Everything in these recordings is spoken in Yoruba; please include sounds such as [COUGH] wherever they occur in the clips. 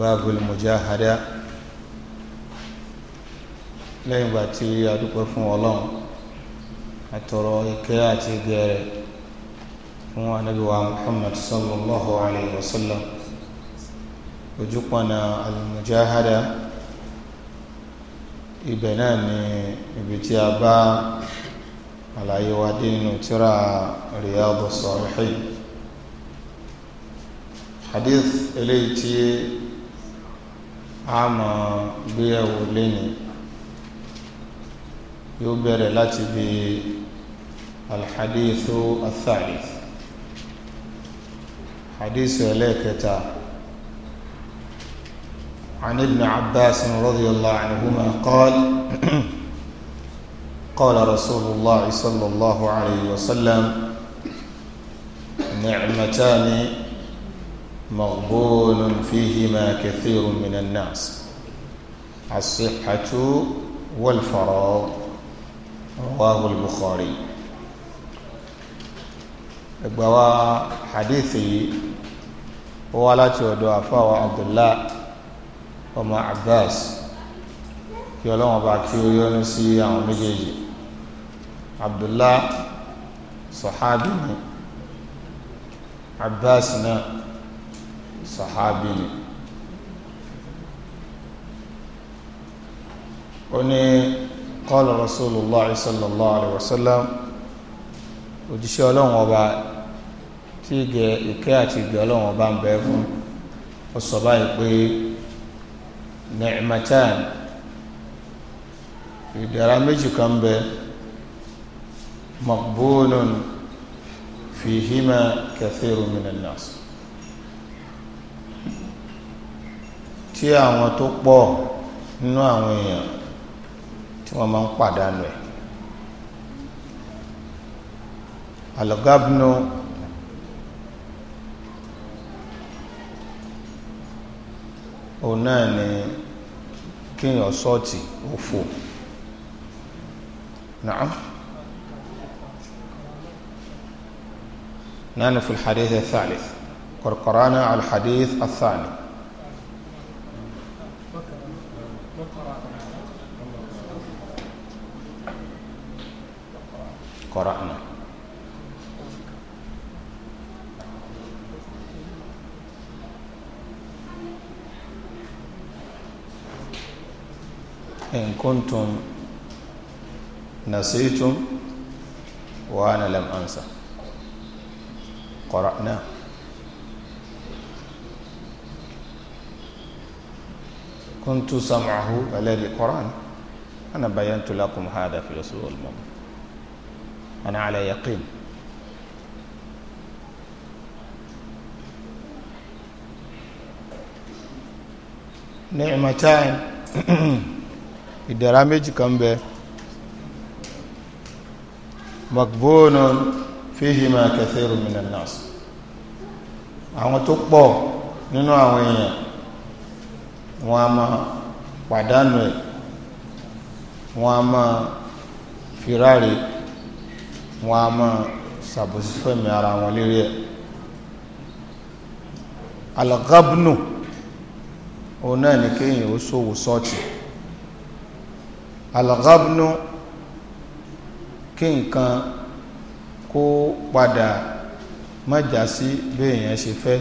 báàbùl mujahada lẹ́yìn ìgbà tí a dúpẹ́ fún ọlọ́run àtọ̀rọ̀ ìkẹ́ àti gẹ̀rẹ̀ fún anábíwá muhammad sallallahu alayhi wa sallam ojúpọ̀nà al-mujahada ibẹ̀ náà ni ibi tí a bá àlàyé wa dé nínú tírà Riyadus Salihin hadith eléyìí tí a mọ̀ gbé ẹ̀wò lẹ́ni yóò bẹ̀rẹ̀ láti bí alhadithu athalith hadithu ẹlẹ́ẹ̀kẹta عن ابن عباس رضي الله عنهما قال قال رسول الله صلى الله عليه وسلم نعمتان مغبون فيهما كثير من الناس الصحة والفراغ رواه البخاري بوا حديثي ولا تودع فوا عبد الله وما عباس يولون باكيو يونسي عن مجيجي عبد الله صحابي عباسنا sahabi ni ó ní qala rasulullah sallallahu alayhi wa sallam òjíṣẹ́ ọlọ́run ọba tí ìgẹ ìkẹ́ àti ìgẹ ọlọ́run ọba ń bẹ fún ó sọ báyìí pé ni'matan ìdára méjì kan bẹ maqbunun fihima kathiru minan nas. tí àwọn tó pọ̀ nínú àwọn èèyàn tí wọ́n máa ń pàdánù ẹ̀ alọ́gábùnú òun náà ni kéèyàn sọ́ọ̀tì òfò náà نحن في الحديث الثالث قد قرأنا الحديث الثاني قرأنا إن كنتم نسيتم وأنا لم أنسى قرأنا كنت سمعه الذي قرأنا أنا بينت لكم هذا في الأسبوع الماضي أنا على يقين. ni'matan ìdẹ̀ra méjì kan bẹ makbonun fihima kathiru minan nas àwọn tó pọ̀ nínú àwọn èèyàn wọn a máa pàdánù ẹ̀ wọn a máa firare wọn a máa ṣàbòsí fẹ́mi ara wọn lérí ẹ̀ alagabnu òun náà ni kéèyàn ó ṣòwò sọ́ọ̀tì alagabnu kí nǹkan kó padà má já sí béèyàn ṣe fẹ́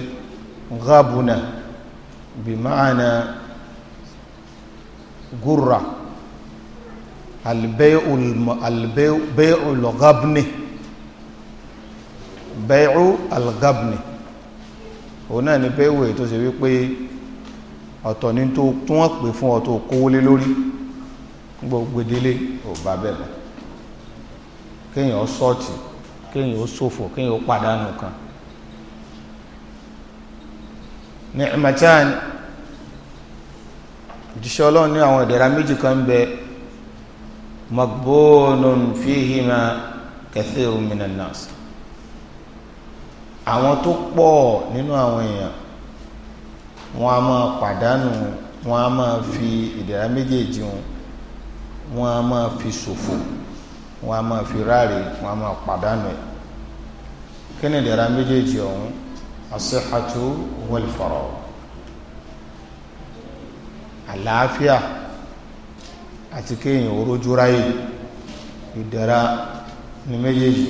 gabuna bí máa na gúrra albẹ́ẹ̀ù lọ́gábìnì bẹ́ẹ̀ù algábìnì òun náà ni bẹ́ẹ̀ù èyí tó ṣe wípé ọ̀tọ̀ ní tó wọ́n pè fún ọ̀tọ̀ kówólé lórí gbogbedele ò bá bẹ́ẹ̀ mọ́ kéèyàn sọ́ọ̀tì kéèyàn ó ṣòfò kéèyàn ó pàdánù kan ní ẹ̀mẹ̀tàn ìdíṣẹ́ ọlọ́run ní àwọn ìdẹ̀ra méjì kan ń bẹ magbónun fihima kathiru minan nas àwọn tó pọ̀ nínú àwọn èèyàn wọn a máa pàdánù wọn a máa fi ìdẹ̀ra méjèèjì wọn wọn a máa fi ṣòfò wọn a máa fi ráre wọn a máa pàdánù ẹ̀ kí ni ìdẹ̀ra méjèèjì ọ̀hún asihatu wal faragh àlàáfíà àti kéèyàn orójú ráyè ìdára ní méjèèjì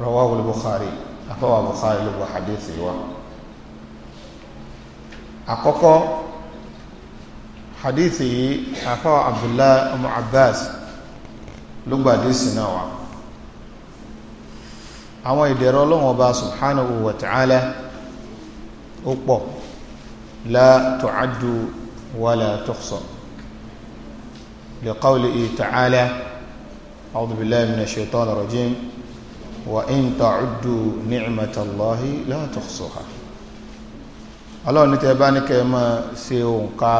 rawahu al-Bukhari afọwà Bukhari ló bá hadith wa àkọ́kọ́ hadith yìí afọwà Abdullah ọmọ Abbas ló gbàdé sí náà wa àwọn ìdẹ̀rọ Ọlọ́hun Ọba subhanahu wa ta'ala ó pọ̀ la tu'addu wa لقوله تعالى أعوذ بالله من الشيطان الرجيم وإن تعدوا نعمة الله لا تحصوها ọlọ́run ní tẹ́bá ní kẹ́ mọ́ sí òǹkà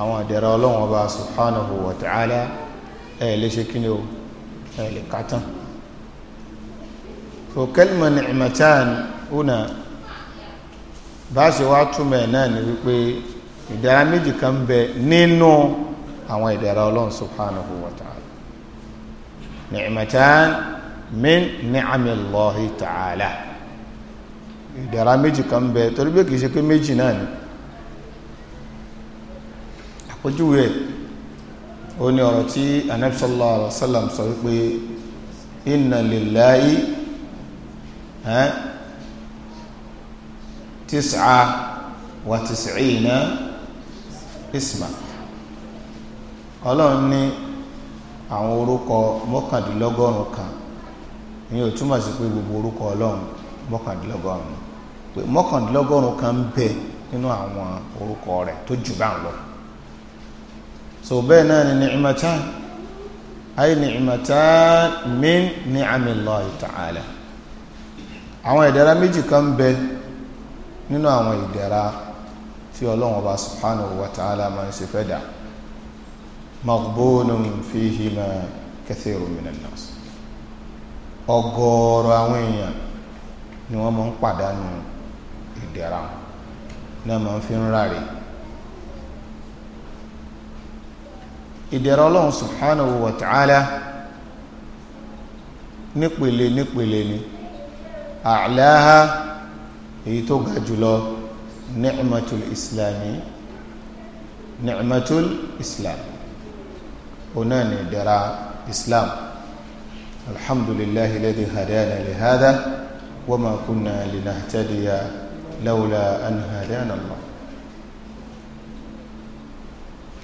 àwọn ìdẹ̀rẹ̀ ọlọ́run ọba subhanahu wa ta'ala ẹ̀ lè ṣe kí ni o ẹ̀ lè kàtán so kẹ́lìmà ni'matan una bá ṣe wá túmọ̀ náà ni wípé ìdára méjì kan bẹ nínú no àwọn ìdẹ̀ra ọlọ́run subhanahu wa ta'ala ni'matan min ni'amillahi ta'ala ìdẹ̀ra méjì kan bẹ torí pé kìí ṣe pé méjì náà ni àpójúwẹ̀ ó ní ọ̀rọ̀ tí anabi sallallahu alaihi wasallam sọ wípé inna lillahi tis'a wa tis'ina isma. ọlọ́run ní àwọn orúkọ mọ́kàndínlọ́gọ́rùn kan ìyẹn ò túmọ̀ sí pé gbogbo orúkọ ọlọ́run mọ́kàndínlọ́gọ́rùn pé mọ́kàndínlọ́gọ́rùn kan ń bẹ nínú àwọn orúkọ rẹ̀ tó jù bá ń lọ so bẹ́ẹ̀ náà ni ta'ala àwọn ìdẹ̀ra méjì kan ń bẹ nínú àwọn tí ọlọ́run ọba subhanahu wa ta'ala máa ń ṣe magbónum فيهما كثير من الناس. ọ̀gọ̀ọ̀rọ̀ àwọn èèyàn ni wọ́n máa ń pàdánù ìdẹ̀ra wọn náà máa ń fi ń ráre ìdẹ̀ra Ọlọ́run subhanahu wa ta'ala nípele nípele ni àláha èyí tó ga jùlọ ni'matul islami ni'matul islami náà ní إسلام الحمد لله الذي هدانا لهذا وما كنا ma لولا أن هدانا الله. hadana Allah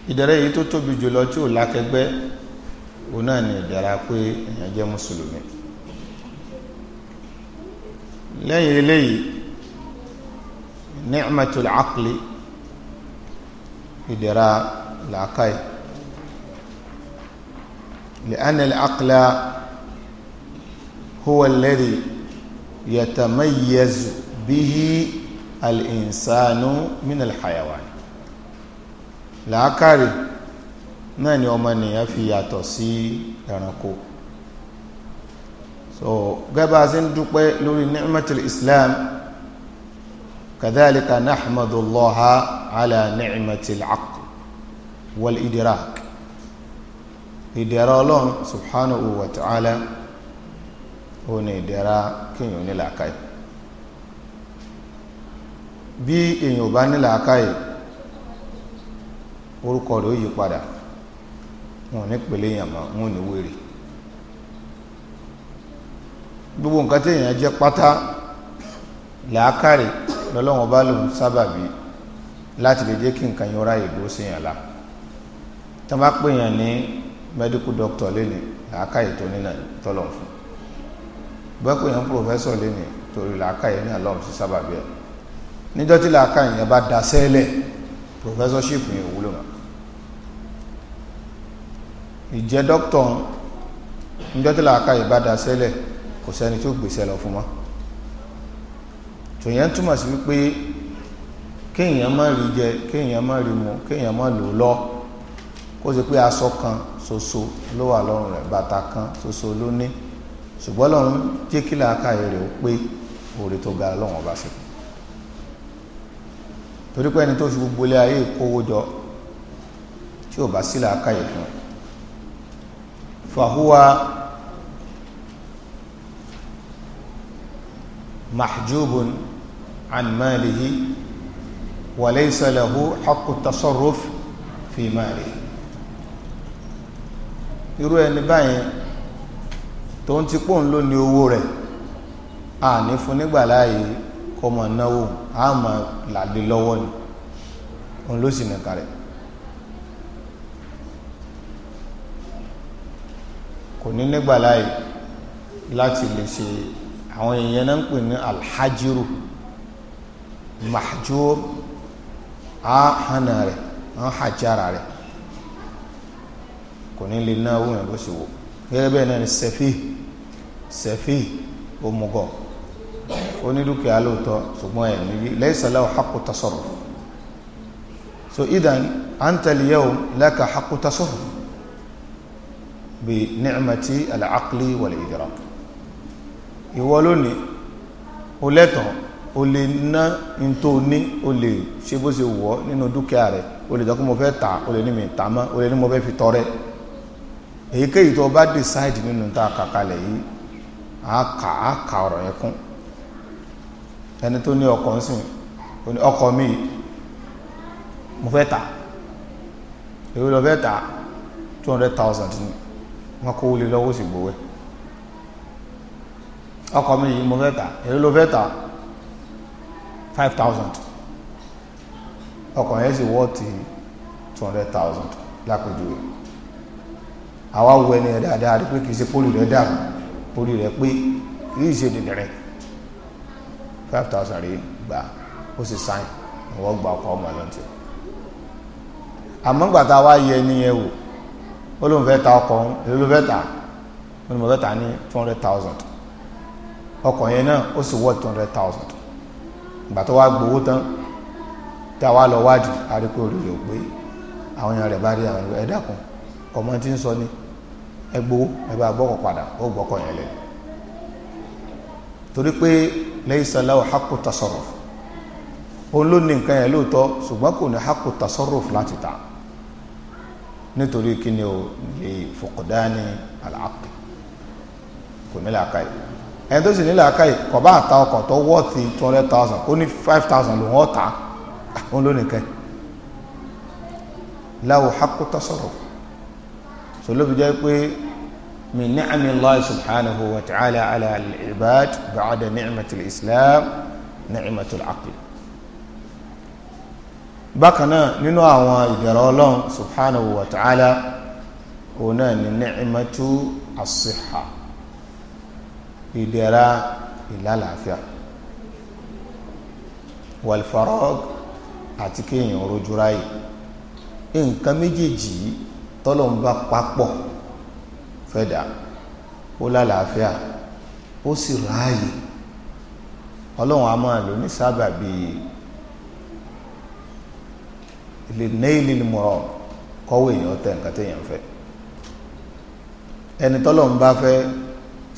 ìdẹ̀ra yìí tó tóbi jùlọ tí ò lákẹgbẹ́ òun náà ní ìdẹ̀ra pé èèyàn jẹ́ mùsùlùmí lẹ́yìn eléyìí ni'matul aqli ìdẹ̀ra làákàyè لأن العقل هو الذي يتميز به الإنسان من الحيوان làákàrè نحن ni في ياتوسي yàtọ̀ so gẹ́bà sí ń dúpẹ́ lórí ni'matul islam kadhalika nahmadullaha ala ni'matil aql wal idrak ìdẹ̀ra ọlọ́run subhanahu wa ta'ala ó ní ìdẹ̀ra kíyàn ní làákàyè bí èyàn bá ní làákàyè orúkọ rẹ̀ ó yí padà wọn ní pèlè èyàn mọ́ wọn ní wèrè gbogbo nǹkan tí èyàn jẹ́ pátá làákàrè lọ́lọ́wọ́n bá lòun sábàbí láti lè jẹ́ kí nǹkan yọra ìgbó sí èyàn la tán bá pèyàn ní medical doctor lẹ́nìí làákàyè tó ní náà tọ́lọ̀ fún bẹ́ẹ̀kọ́ yẹn professor lẹ́nìí torí làákàyè ní àlọ́m sí sábàbí ẹ̀ níjọ́ tí làákàyè yẹn bá da sẹ́lẹ̀ professorship yẹn wúlò mọ́ ìjẹ́ doctor níjọ́ tí làákàyè bá da sẹ́lẹ̀ kò sẹ́ni tó gbèsè lọ fún mọ́ tòyẹn túmọ̀ sí wípé kéèyàn má rí jẹ kéèyàn má rí mu kéèyàn má lò lọ kó ṣe pé aṣọ kan ṣoṣo ló wà lọ́rùn rẹ̀ bàtà kan ṣoṣo ló ní ṣùgbọ́n lọ́run jẹ́ kí làákàyè rẹ̀ ó pé oore tó ga lọ́wọ́n bá ṣe torí pé ẹni tó fi gbogbo ilé ayé kówó jọ tí ò bá sí làákàyè fún fàhùwà mahjubun an malihi wa laysa lahu haqqu irú ẹni báyẹn tó ń ti pò ń lò ní owó rẹ̀ a ní fún nígbà láàyè kó mọ̀ náwó a mọ̀ làdé lọ́wọ́ ni òun ló sì nìkan rẹ̀ kò ní nígbà láàyè láti lè ṣe àwọn èèyàn náà ń pè ní alhajiru mahjur a hànà rẹ̀ wọ́n hajjára rẹ̀ kò ní lè náwó yẹn bó ṣe wò gẹ́gẹ́ bẹ́ẹ̀ náà ni sẹ́fì sẹ́fì omugọ̀ onídùkìá lóòótọ́ ṣùgbọ́n ẹ̀ níbi laysa lahu haqqu so idan anta al-yawm laka haqqu tasarruf bi ni'mati al-aqli wal-idrak ìwọ lónìí o lẹ́tọ̀ọ́ o lè ná n tó ní o lè ṣe bó ṣe wọ̀ nínú dúkìá rẹ̀ o lè jọ mo fẹ́ tà o lè ní mi tà o lè ní mo fẹ́ fi tọrẹ èyíkéyìí tó o bá decide nínú tá a kà kalẹ̀ yìí a kà á kà ọ̀rọ̀ yẹn kún ẹni tó ní ọkọ̀ ń sìn ọkọ̀ mi mo fẹ́ tà two hundred thousand ni kó ọkọ̀ mi yìí mo fẹ́ àwa wo ẹni ẹ̀ dáadáa pé kìí ṣe pólì rẹ̀ dàrú pólì rẹ̀ pé kìí ṣe dìdìrẹ̀ five thousand rẹ̀ gbà ó sì sáìn wọ́n gba ọkọ̀ ọmọ lọ́ntì àmọ́ gbàtà wá yẹ ẹni yẹn wò ó lóun fẹ́ ta ọkọ̀ òun ló fẹ́ ta ó lóun fẹ́ ta ní two hundred thousand ọkọ̀ yẹn náà ó sì wọ́ two hundred thousand ìgbà tó wá gbowó tán tá a wá lọ wádìí arípò olùyọ̀ pé àwọn èèyàn rẹ̀ bá rí àwọn ẹ̀dá kan kọ̀mọ́ tí ń sọ ni ẹgbowó ẹgbà gbọ́kọ̀ padà ó gbọ́kọ̀ yẹn lẹ torí pé laysa lahu haqqu tasarruf òun ló ní nǹkan yẹn lóòótọ́ ṣùgbọ́n kò ní haqqu tasarruf láti ta nítorí kí ni o lè fuqdani al-aql kò ní làákàyè ẹni tó sì ní làákàyè kò bá ta tó wọ́ọ̀tì two hundred thousand kó ní five thousand ló wọ́n ta òun ló ní nǹkan lahu haqqu tasarruf sọlọ́bi jẹ́ pé min ni'ami allah subhanahu wa ta'ala ala al-ibad ba'da ni'matul islam ni'matul aql bákan náà nínú àwọn ìdẹ̀rọ̀ ọlọ́run subhanahu wa ta'ala òun náà ni ni'matu as ìdẹ̀ra ìlàlàáfíà wal àti kéèyàn rojú nǹkan méjèèjì yìí tọ́lọ̀ ń bá papọ̀ fẹ́dà ó lálàáfíà ó sì ráàyè ọlọ́run a máa lò ní sábàbí ilé nailil murad kọ́wé èèyàn tẹ nǹkan téèyàn fẹ́ ẹni tọ́lọ̀ ń bá fẹ́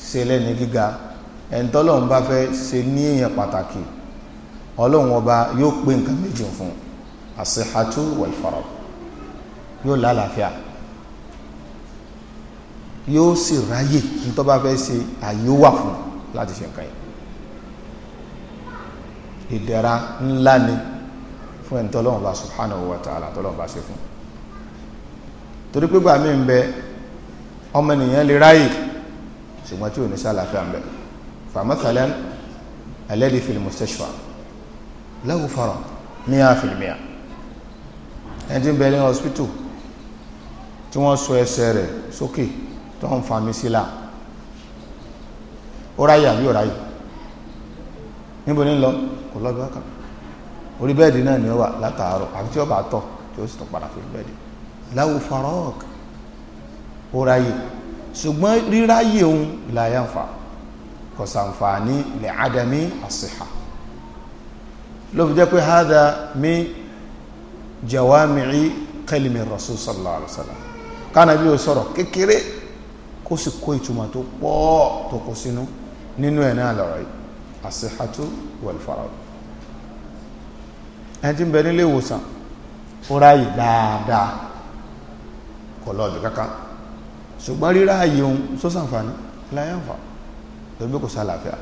ṣe lẹ́ni gíga ẹni tọ́lọ̀ ń bá fẹ́ ṣe ní èèyàn pàtàkì ọlọ́run ọba yóò pé nǹkan méjì fún asihatu wal farad yóò lálàáfíà. La yóò sì ráyè ní tó bá fẹ́ ṣe àyè wà fún láti ṣe nǹkan yẹn ìdẹ̀ra ńlá ni fún ẹni tọ́lọ́wọ́n bá subhanahu wa ta'ala tọ́lọ́wọ́n bá ṣe fún torí pé gbàmí ń bẹ ọmọ ènìyàn lè ráyè ṣùgbọ́n tí ò ní sálàfíà ń bẹ fàmọ́sálẹ́n alẹ́dí fil mustashfa lahu farad mi'a fil ẹni tí ń bẹ ní hospital tí wọ́n so ẹsẹ̀ rẹ̀ sókè tó ń fami sílá óráyè àbí óráyè níbo ní lọ kò lọ bí wákà orí bẹ́ẹ̀dì náà ni ó wà látàárọ̀ àbí tí ó bá tọ̀ tí ó sì tún padà fún bẹ́ẹ̀dì láwù farọ́ọ̀k óráyè ṣùgbọ́n ríráyè òun làyà ń fa kò sàǹfààní lè ádámí àṣìhà ló fi jẹ́ pé hádà mi jawami'i kalimi rasul sallallahu alaihi wasallam kánàbí ó sọ̀rọ̀ kékeré kó sì kó ìtumọ̀ tó pọ̀ tó kó sínú nínú ẹ̀ náà lọ́rọ̀ yìí àṣehàtú wẹ̀lfàrà ẹni tí ń bẹ nílé ìwòsàn ó ráyè dáadáa kò lọ́ọ̀dù kankan ṣùgbọ́n rírá ààyè òun só sàǹfààní láyàǹfà lóbi kò sàlàáfíà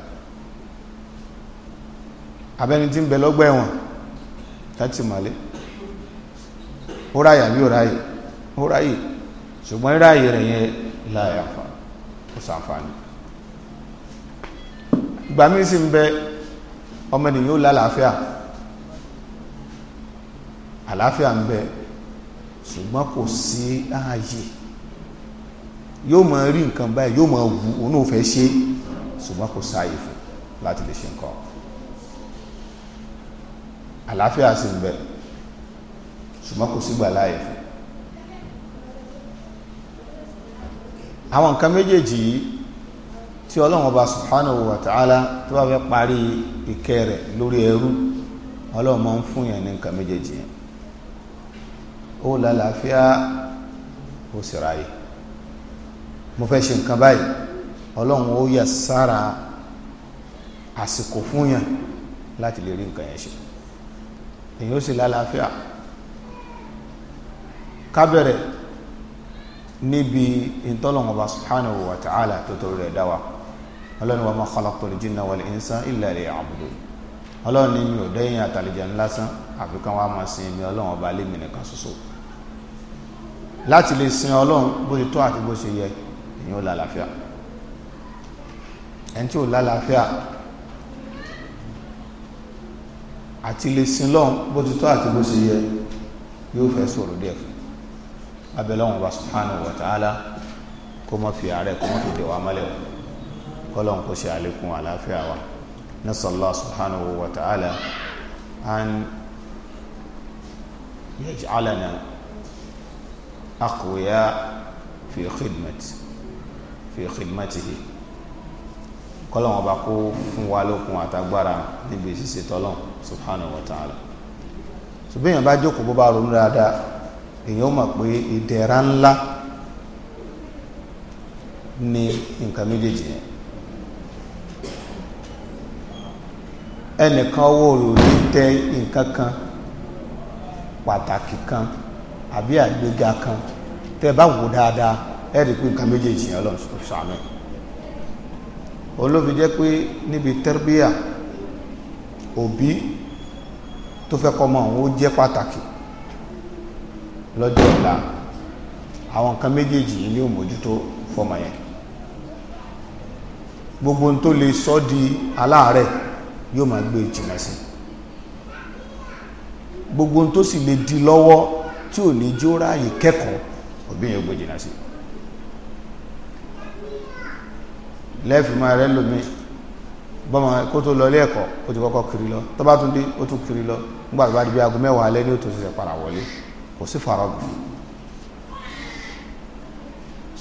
abẹ́ni tí ń bẹ lọ́gbà ẹ̀wọ̀n láti màlé ó ráyà bí ó ráyè ó ráyè ṣùgbọ́n rírá ààyè rẹ̀ yẹn láyà fa kò sàǹfààní ìgbà míì sì ń bẹ ọmọ ènìyàn ó lálàáfíà àlàáfíà ń bẹ ṣùgbọ́n kò sí ààyè yóò mọ rí nǹkan báyìí yóò mọ wù òun náà fẹ́ ṣe ṣùgbọ́n kò sáàyè fún láti lè ṣe nǹkan àlàáfíà sì ń bẹ ṣùgbọ́n kò sígbà láàyè fún àwọn nǹkan méjèèjì yìí tí ọlọ́run ọba subhanahu wa ta'ala tó bá fẹ́ parí ìkẹ́ rẹ̀ lórí ẹrú ọlọ́run máa ń fún yẹn ní nǹkan méjèèjì yẹn ó lálàáfíà ó sì ráyè mo fẹ́ ṣe nǹkan báyìí ọlọ́run ó yà sára àsìkò fún yẹn láti lè rí nǹkan yẹn ṣe èyí ó sì lálàáfíà kábẹ̀rẹ̀ níbi ìtọ́lọ̀wọ̀n bá subhanahu wa ta'ala tó torí rẹ̀ dáwà ọlọ́ni wa ma khalaqtul jinna wal insa illa liya'budun ọlọ́run ní mi ò dẹ́yìn àtàlẹ́jẹ́ ńlásán àfi kan wá máa sin mi ọlọ́run ọba lémi nìkan ṣoṣo láti lè sin ọlọ́run bó ṣe tó àti bó ṣe yẹ èyàn ò lálàáfíà ẹni tí ò lálàáfíà àti lè sin lọ́run bó tó àti bó ṣe yẹ yóò fẹ́ sọ̀rọ̀ díẹ̀ fún abẹ́lẹ́wọ̀n bá subhanahu wa ta'ala kó má fi àárẹ̀ kó má fi dè wá mọ́lẹ̀ o kọ́lọ́n kó ṣe àlékún àlàáfíà wa nasallah subhanahu wa ta'ala an yaj'alana aqwiya fi khidmati fi khidmatihi kọ́lọ́n ọba kó fún wa lókun àtagbára níbi ìṣiṣẹ́ tọ́lọ́n subhanahu wa ta'ala ṣùgbọ́n èèyàn bá jókòó bó bá ronú dáadáa èyàn mọ̀ pé ìdẹ̀ra ńlá ní nǹkan méjèèjì yẹn ẹnìkan owó rẹ̀ ò ní tẹ nǹkan kan pàtàkì kan àbí àgbéga kan tẹ bá wò dáadáa ẹ rí i pé nǹkan méjèèjì yẹn lọ́n sàmì olóbi jẹ́ pé níbi tẹ́rbíà òbí tó fẹ́ kọ́ ọmọ òun ó jẹ́ pàtàkì lọ́jọ́ ọ̀la àwọn nǹkan méjèèjì yìí ní òmójútó fọmọ yẹn gbogbo tó lè sọ di aláàárẹ̀ yóò máa gbé ìjìnlẹ̀ sí gbogbo tó sì lè di lọ́wọ́ tí ò ní jó ráàyè kẹ́kọ̀ọ́ òbí yẹn gbé jìnà sí lẹ́fìmọ̀ rẹ̀ lómi bọ́mọ kó tó lọ ilé ẹ̀kọ́ ó ti kọ́kọ́ kiri lọ tó bá tún dé ó tún kiri lọ nígbà tó bá di bí aago mẹ́wàá alẹ́ ní ó tó ṣẹ̀ṣẹ̀ padà wọlé kò sí faradu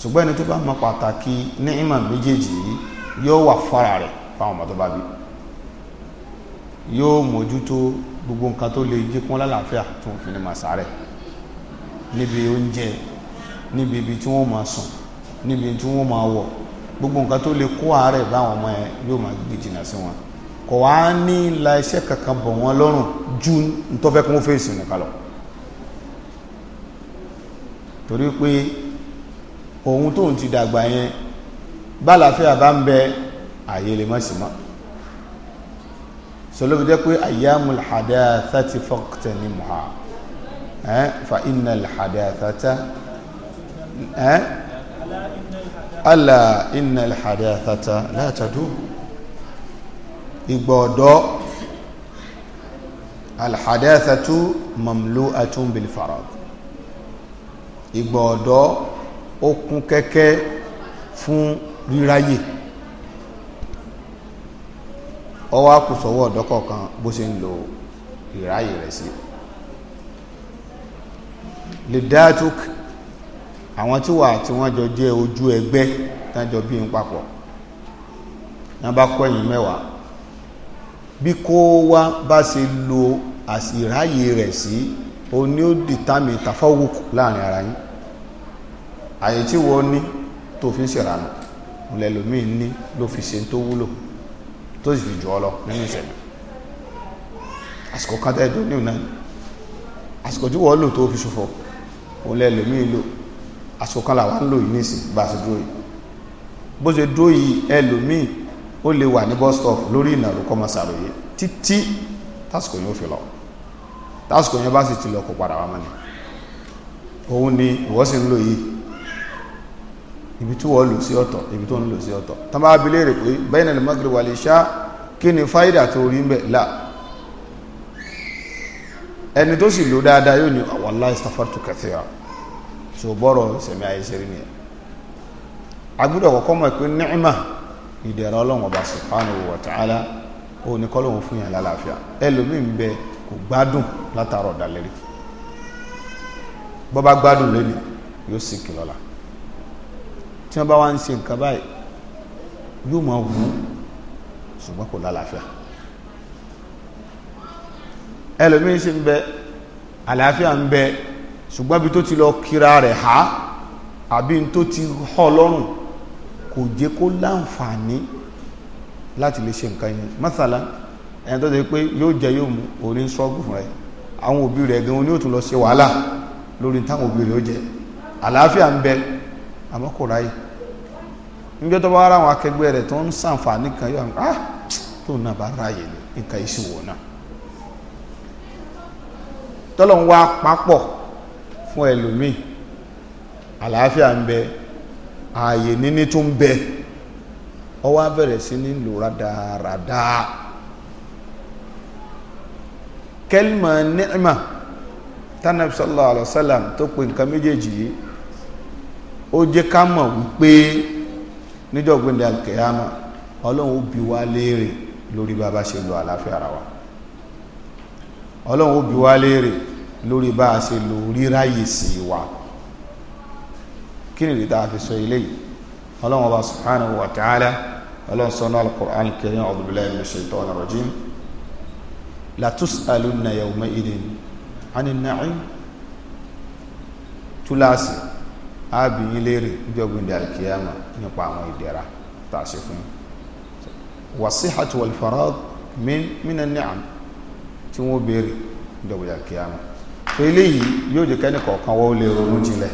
ṣùgbọ́n ẹni tó bá mọ pàtàkì ní ìmọ̀ méjèèjì yìí yóò wà fara rẹ̀ fáwọn ọmọ tó bá bí yóò mójútó gbogbo nǹkan tó lè jí kún lálàáfíà tó ń fi ní màsà rẹ̀ níbi oúnjẹ níbi ibi tí wọ́n máa sùn níbi tí wọ́n máa wọ̀ gbogbo nǹkan tó lè kó àárẹ̀ báwọn ọmọ ẹ yóò máa gbé jìnnà sí wọn kò wá ní la iṣẹ́ kankan bọ̀ wọ́n lọ́rùn ju ntọ́fẹ́ kún fèsì nìkan lọ torí pé ohun tóun ti dàgbà yẹn bálàáfíà bá ń bẹ àyè lè mọ́ sí mọ́ sọlọ́bi jẹ́ pé ayyamul hadathati faqtanimha fa innal hadathata ala innal hadathata la tadum ìgbà ọ̀dọ́ alhadathatu mamlu'atun bil farad ìgbà ọ̀dọ́ ó kún kẹ́kẹ́ fún ríráyè ọwọ́ àkùsọ̀wọ́ ọ̀dọ́ kọ̀ọ̀kan bó ṣe ń lo ìráyè rẹ̀ sí lè dáàtúk àwọn tí wà tí wọ́n jọ jẹ́ ojú ẹgbẹ́ tájọ bí n papọ̀ wọ́n bá kọ́ ẹ̀yìn mẹ́wàá bí kó wá bá ṣe lo àsìráyè rẹ̀ sí o ní láàrin ara yín àyè tí wọ́n ní tó fi ń ṣèrànà lẹ́lòmíì ní ló fi ṣe tó wúlò tó sì fi jù ọ lọ nínú ìṣẹ̀lẹ̀ àsìkò kan tẹ́ẹ̀dọ́ ní ìnáà àsìkò tí wọ́n lò tó fi ṣòfò òun lẹ́lòmíì lò àsìkò kan làwọn ń lò yìí nísìn bá a ṣe dúró yìí bó ṣe dúró yìí ẹlòmíì ó lè wà ní bus stop lórí ìnàró kọ́ máa títí tásìkò yẹn ó fi lọ tásìkò yẹn bá sì ti lọ kó padà wá mọ́ni òun ni ìwọ́sìn ń lò yìí ibi tí wọ́n lò sí ọ̀tọ̀ ibi tó ń lò sí ọ̀tọ̀ tán bá bi léèrè pé bayna al-maghrib wal-isha kí ni fáìdà tó rí ń bẹ̀ là ẹni tó sì lò dáadáa yóò ní wallahi istafartu kathira so bọ́rọ̀ sẹ̀mí ayé ṣeré nìyẹn agbúdọ̀ kọ́kọ́ mọ̀ pé ni'ma ìdẹ̀rọ ọlọ́run ọba subhanahu wa ta'ala ó ní kọ́lọ́run fún yàn lálàáfíà ẹlòmíì bẹ kò gbádùn látàrọ̀ dalẹ́rì bọ́bá gbádùn lónìí yóò sì kìlọ́la tí wọ́n bá wá ń ṣe nǹkan báyìí yóò máa wù ú ṣùgbọ́n kò lálàáfíà ẹlòmíín sì ń bẹ àlàáfíà ń bẹ ṣùgbọ́n bí tó ti lọ kira rẹ̀ há àbí tó ti họ́ lọ́rùn kò jẹ́ kó láǹfààní láti lè ṣe nǹkan yẹn mọ́sàlá ẹni tó ṣe pé yóò jẹ yóò mú orí ń fún rẹ̀ àwọn òbí rẹ̀ gan ni ó tún lọ ṣe wàhálà lórí táwọn òbí rẹ̀ ó jẹ àlàáfíà ń bẹ àmọ́ kò níjọ́ tó bá wá ráwọn akẹgbẹ́ rẹ̀ tó ń kan yóò ah tó náà bá ráyè nǹkan ìṣòwò náà tọ́lọ̀ ń wá papọ̀ fún ẹlòmíì àlàáfíà ń bẹ ààyè níní tó ń bẹ ó wá sí ní lò rádaràdá kẹlìmọ̀ ní'mà tó pe nǹkan méjèèjì yìí ó jẹ́ ká mọ̀ wípé níjọ́ gbẹ̀ndẹ̀ alkiyama ọlọ́run ó bi wá léèrè lórí bá a ṣe lo àlàáfíà ara wa ọlọ́run ó bi wá léèrè lórí bá a ṣe lo ríráyè sí wa kí ni ìdí tá a fi sọ eléyìí ọlọ́run ọba subhanahu wa ta'ala ọlọ́run sọ́nà al-Qur'an al-Karim a'udhu billahi minash shaitani rajim latus'alunna yawma idin túláàsì ábìyín léèrè níjọ́gbìn dàlkìyàmà nípa àwọn ìdẹ̀ra tá a ṣe fún yín wasihatu walfarad min min an-ni'am tí wọ́n béèrè níjọ́gbìn dàlkìyàmà tó eléyìí yóò jẹ́ kẹ́ni kọ̀ọ̀kan wọ́n lè ronú jinlẹ̀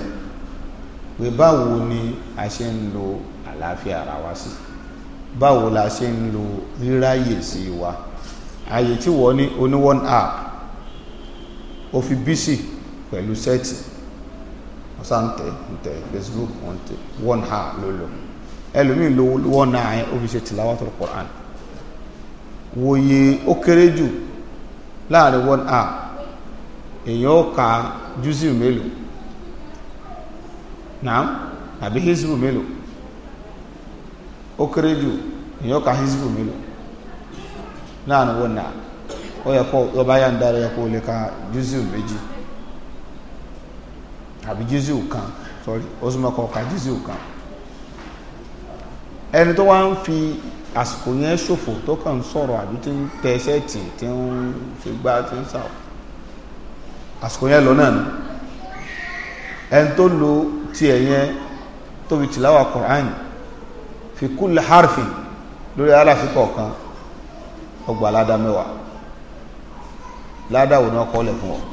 pé báwo ni a ṣe ń lo àlàáfíà ara wa sí báwo la ṣe ń lo ríráyè sí wa ààyè tí wọ́n ní oní one app ó fi bísì pẹ̀lú sẹ́ẹ̀tì ọ̀sáǹtẹ̀ nte facebook nte wọ́n ha ló lò ló wọ́n náà yẹn ó fi ṣe Qur'an wòye ó kéré jù láàrin wọ́n ha èèyàn ó ka júsì mélòó naam àbí hezbo mélòó ó kéré jù èèyàn ka mélòó láàrin náà ó yẹ kó ọba ya ń dára kó lè ka júsì méjì àbí jísù kan sorry osùmọ̀kọ̀ ọ̀ka jísù kan ẹni tó wá ń fi àsìkò yẹn ṣòfò tó kàn ń sọ̀rọ̀ àbí tí ń tẹ ṣẹ́ẹ̀tì tí ń fi gbá tí ń sàwọ̀ àsìkò yẹn lọ náà ni ẹni tó lo tiẹ̀ yẹn tó fi tìláwà Qur'an fi kulli harfin lórí aláfi kọ̀ọ̀kan ọgbà ládàá mẹ́wàá ládàá ni wọ́n kọ́ lẹ̀ fún ọ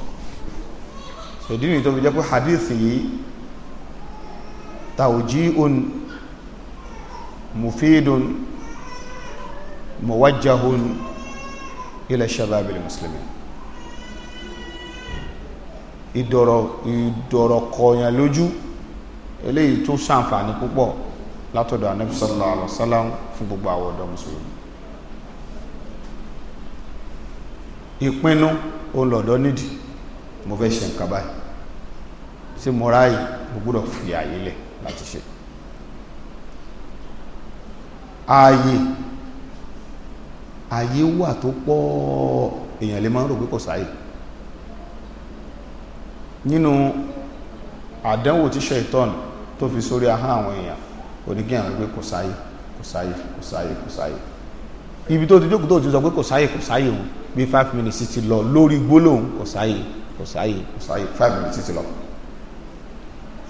ìdí nìyí tó fi jẹ́ pé hadith yìí tawji'un mufidun muwajjahun ila shababil muslimin ìdọ̀rọ̀ ìdọ̀rọ̀ kọ̀ọ̀yàn lójú eléyìí tó ṣàǹfààní púpọ̀ látọ̀dọ̀ Ànábì sallallahu alaihi wasallam fún gbogbo àwọn ọ̀dọ́ ìpinnu olọ̀dọ́ nídìí mo fẹ́ ṣe nǹkan báyìí sí múra yìí mo gbọ́dọ̀ fi aye lẹ̀ láti ṣe ààyè ààyè wà tó pọ̀ èèyàn lè máa ń rò pé kò sáyè nínú àdánwò tí ṣẹ̀tọ́n tó fi sórí ahọ́n àwọn èèyàn oníkí àwọn pé kò sáyè kò sáyè kò sáyè kò sáyè ibi tó ti jókòó tó ti sọ pé kò sáyè kò sáyè o bí five minutes ti lọ lórí gbólóhùn kò sáyè kò sáyè kò sáyè five minutes ti lọ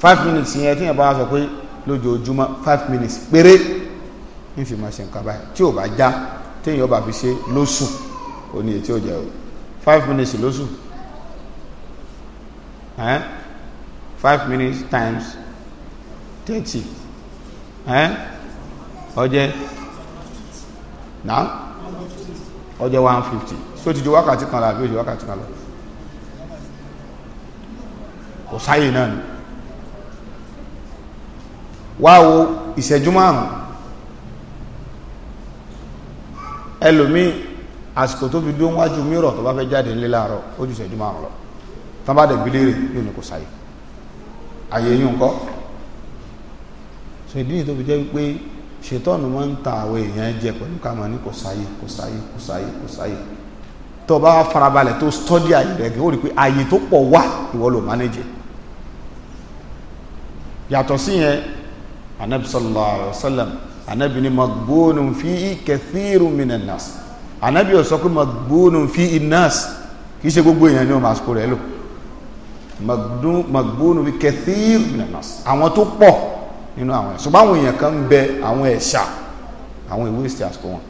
five minutes yẹn tí yẹn bá sọ pé lójoojúmọ́ five minutes péré ń fi máa ṣe nǹkan báyìí tí ò bá já téèyàn bá fi ṣe lóṣù ó ní ètí ò jẹ́ o five minutes lóṣù eh? five minutes times thirty eh? ọjẹ́ náà ọjẹ́ one fifty so ti ju wákàtí kan lọ àbí ó ju wákàtí kan lọ kò sáyè náà ni wá wo ìṣẹ́jú márùn ẹlòmíì àsìkò tó fi dúró wájú mírọ̀ tó bá fẹ́ jáde nílé láàárọ̀ ó ju ìṣẹ́jú márùn lọ tán bá dẹ̀ gbélé rẹ̀ yóò ní kò sáyé àyè yín kọ́ so ìdí nìyí tó fi jẹ́ wípé ṣètọ́nù máa ń ta àwọn èèyàn jẹ pẹ̀lú ká máa ní kò sáyé kò sáyé kò sáyé kò sáyé tó o bá wá farabalẹ̀ tó stọ́dí àyè rẹ̀ kí o rí pé àyè tó pọ̀ wà ìwọ ló mánéjì yàtọ̀ sí yẹn anabi sallallahu alayhi wa sallam anabi ni magbónun fi kathirun minan nas anabi ó sọ pé magbónun fi nas kì í ṣe gbogbo èèyàn ni wọn máa sọ rẹ lò magbónun fi kathirun minan nas àwọn tó pọ̀ nínú àwọn ẹ̀ ṣùgbọ́n àwọn èèyàn kan ń bẹ àwọn ẹ̀ṣà àwọn ìwé ìsìtì àsìkò wọn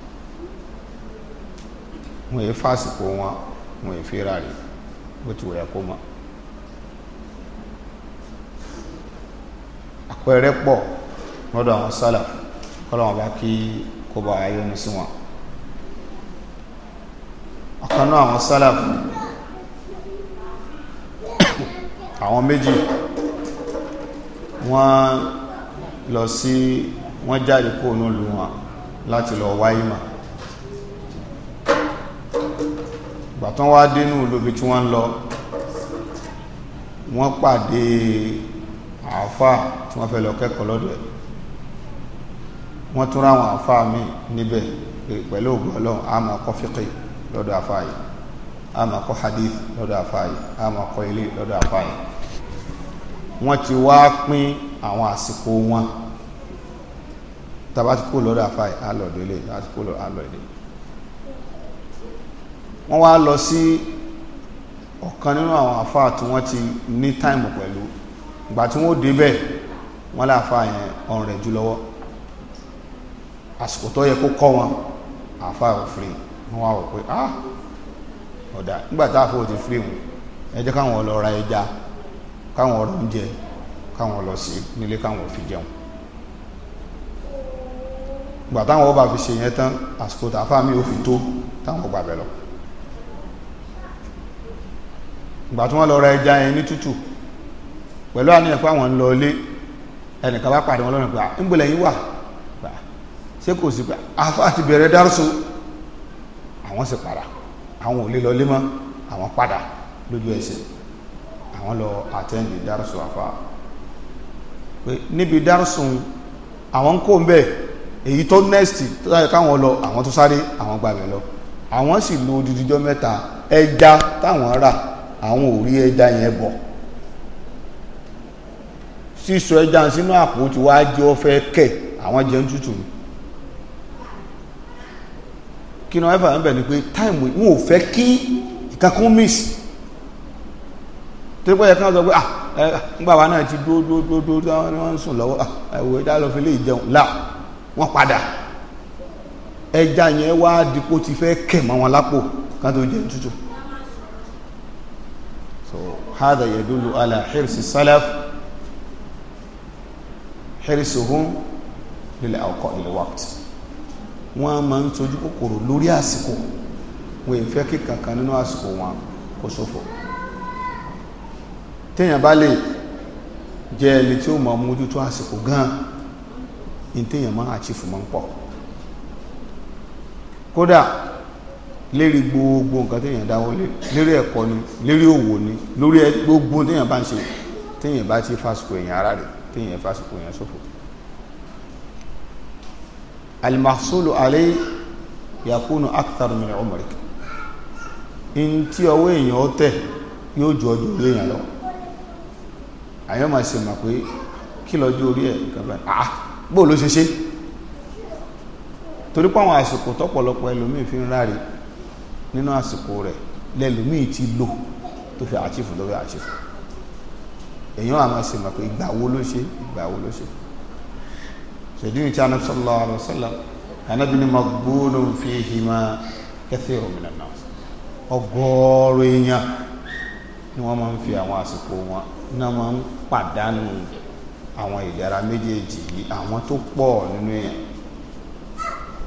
wọn èé fásìkò wọn wọn èé fẹ́ra rẹ̀ bó ti wẹ̀ kó mọ́ àpẹẹrẹ pọ̀ lọ́dọ̀ àwọn sálà kọ́lọ́wọ́n bá kí kó bá ayọ́nu sí wọn ọ̀kan náà àwọn sálà àwọn méjì wọ́n lọ sí wọ́n jáde kó ní olú wọn láti lọ wáyé mà gbàtán wá dénú olóbi tí wọ́n lọ wọ́n pàdé àáfà tí wọ́n fẹ́ lọ kẹ́kọ̀ọ́ lọ́dọ̀ wọ́n tún ráwọn àfáà mi níbẹ̀ pẹ̀lú ògùn ọlọ́run a máa kọ́ fíkì lọ́dọ̀ àfáà yìí a máa kọ́ hadith lọ́dọ̀ àfáà yìí a máa kọ́ ilé lọ́dọ̀ àfáà yìí wọ́n ti wá pín àwọn àsìkò wọn tàbá ti kó lọ́dọ̀ àfáà yìí a lọ́dọ̀ ilé tàbá ti kó lọ́dọ̀ àlọ́ ilé wọ́n wá lọ sí ọ̀kan nínú àwọn àfáà tí wọ́n ti ní táìmù pẹ̀lú ìgbà tí wọ́n débẹ̀ wọ́n láàfáà yẹn ọ̀rùn rẹ̀ jù lọ́wọ́ àsìkò tó yẹ kó kọ́ wọn àfa ò firi wọn wá wọ pé ah ọ̀dà nígbà tá a fọ́ ti firi wọn ẹ jẹ́ káwọn lọ ra ẹja káwọn ọ̀rọ̀ oúnjẹ káwọn lọ sí nílé káwọn fi jẹun gbà táwọn ọba fi ṣe yẹn tán àsìkò tàfà mi ò fi tó táwọn ọgbà bẹ̀ lọ gbà tí wọ́n lọ ra ẹja yẹn ní tútù pẹ̀lú àníyàn pé àwọn ń lọ ilé ẹnìkan bá pàdé wọn lọ́nà pé à ń gbọ́lẹ̀ yín wà ṣé kò sí pé afa ti bẹ̀rẹ̀ dárúsù àwọn sì para àwọn ò lè lọ lé mọ́ àwọn padà lójú ẹsẹ̀ àwọn lọ àtẹ́ǹdì dárúsù afa pé níbi dárúsù àwọn ń kó ń bẹ̀ èyí tó nẹ́ẹ̀sì tó dáyẹ káwọn lọ àwọn tó sáré àwọn gbàgbẹ́ lọ àwọn sì lo odidijọ́ mẹ́ta ẹja táwọn rà àwọn ò rí ẹja yẹn bọ̀ sísọ ẹja sínú àpò tí wàá jẹ́ ọ fẹ́ kẹ̀ àwọn jẹun tútù ni kí náà ẹ̀fà ń bẹ̀ ni pé táìmù wọn ò fẹ́ kí ìkankan miss tó pẹ́ yẹ kí wọ́n sọ pé ah, ah nígbà wa náà ti dúró dúró dúró dúró tí wọ́n ń sùn lọ́wọ́ ah ẹ̀wọ̀ ẹja lọ fi lè jẹun là wọ́n padà ẹja yẹn wá dípò ti fẹ́ kẹ̀ mọ́ wọn lápò kan tó jẹun tútù so hada yadulu ala hirsi salaf hirsuhum lil awqat lil waqt wọ́n máa ń sojú kòkòrò lórí àsìkò wọn èyí fẹ́ kí kankan nínú àsìkò wọn kò ṣòfò téèyàn bá lè jẹ́ ẹni tí ó mọ̀ mójútó àsìkò gan ní téèyàn máa àchífù mọ́ ń pọ̀ kódà lérí gbogbo nǹkan téèyàn dáwọ́ lé lérí ẹ̀kọ́ ni lérí òwò ni lórí gbogbo téèyàn bá ń ṣe téèyàn bá ti fásìkò èèyàn ara rẹ̀ téèyàn fásìkò èèyàn ṣòfò alimahsulu alẹ́ yakunu akthar min umrik in tí ọwọ́ èèyàn tẹ̀ yóò ju ọjọ́ orí èèyàn lọ àyàn máa ṣe mà pé kí lọ́jọ́ orí ẹ̀ kàbà àá ah, bó ló ṣe ṣe torí pé àwọn àsìkò tọ́pọ̀lọpọ̀ ẹlòmíì fi ń ráre nínú àsìkò rẹ̀ lẹ́lòmíì ti lò tó fi àṣìfò tó fi àṣìfò èèyàn àmọ́ ṣe mà pé ìgbà wo ló ṣe ìgbà wo ló ṣèdí ìtí anabi sallallahu alayhi wa sallam anabi ni magbóòlò fi hìmà kẹsì òmìnira náà ọgọ́rọ̀ èèyàn ni wọ́n máa ń fi àwọn àsìkò wọn náà máa ń pàdánù àwọn ìdára méjèèjì yìí àwọn tó pọ̀ nínú èèyàn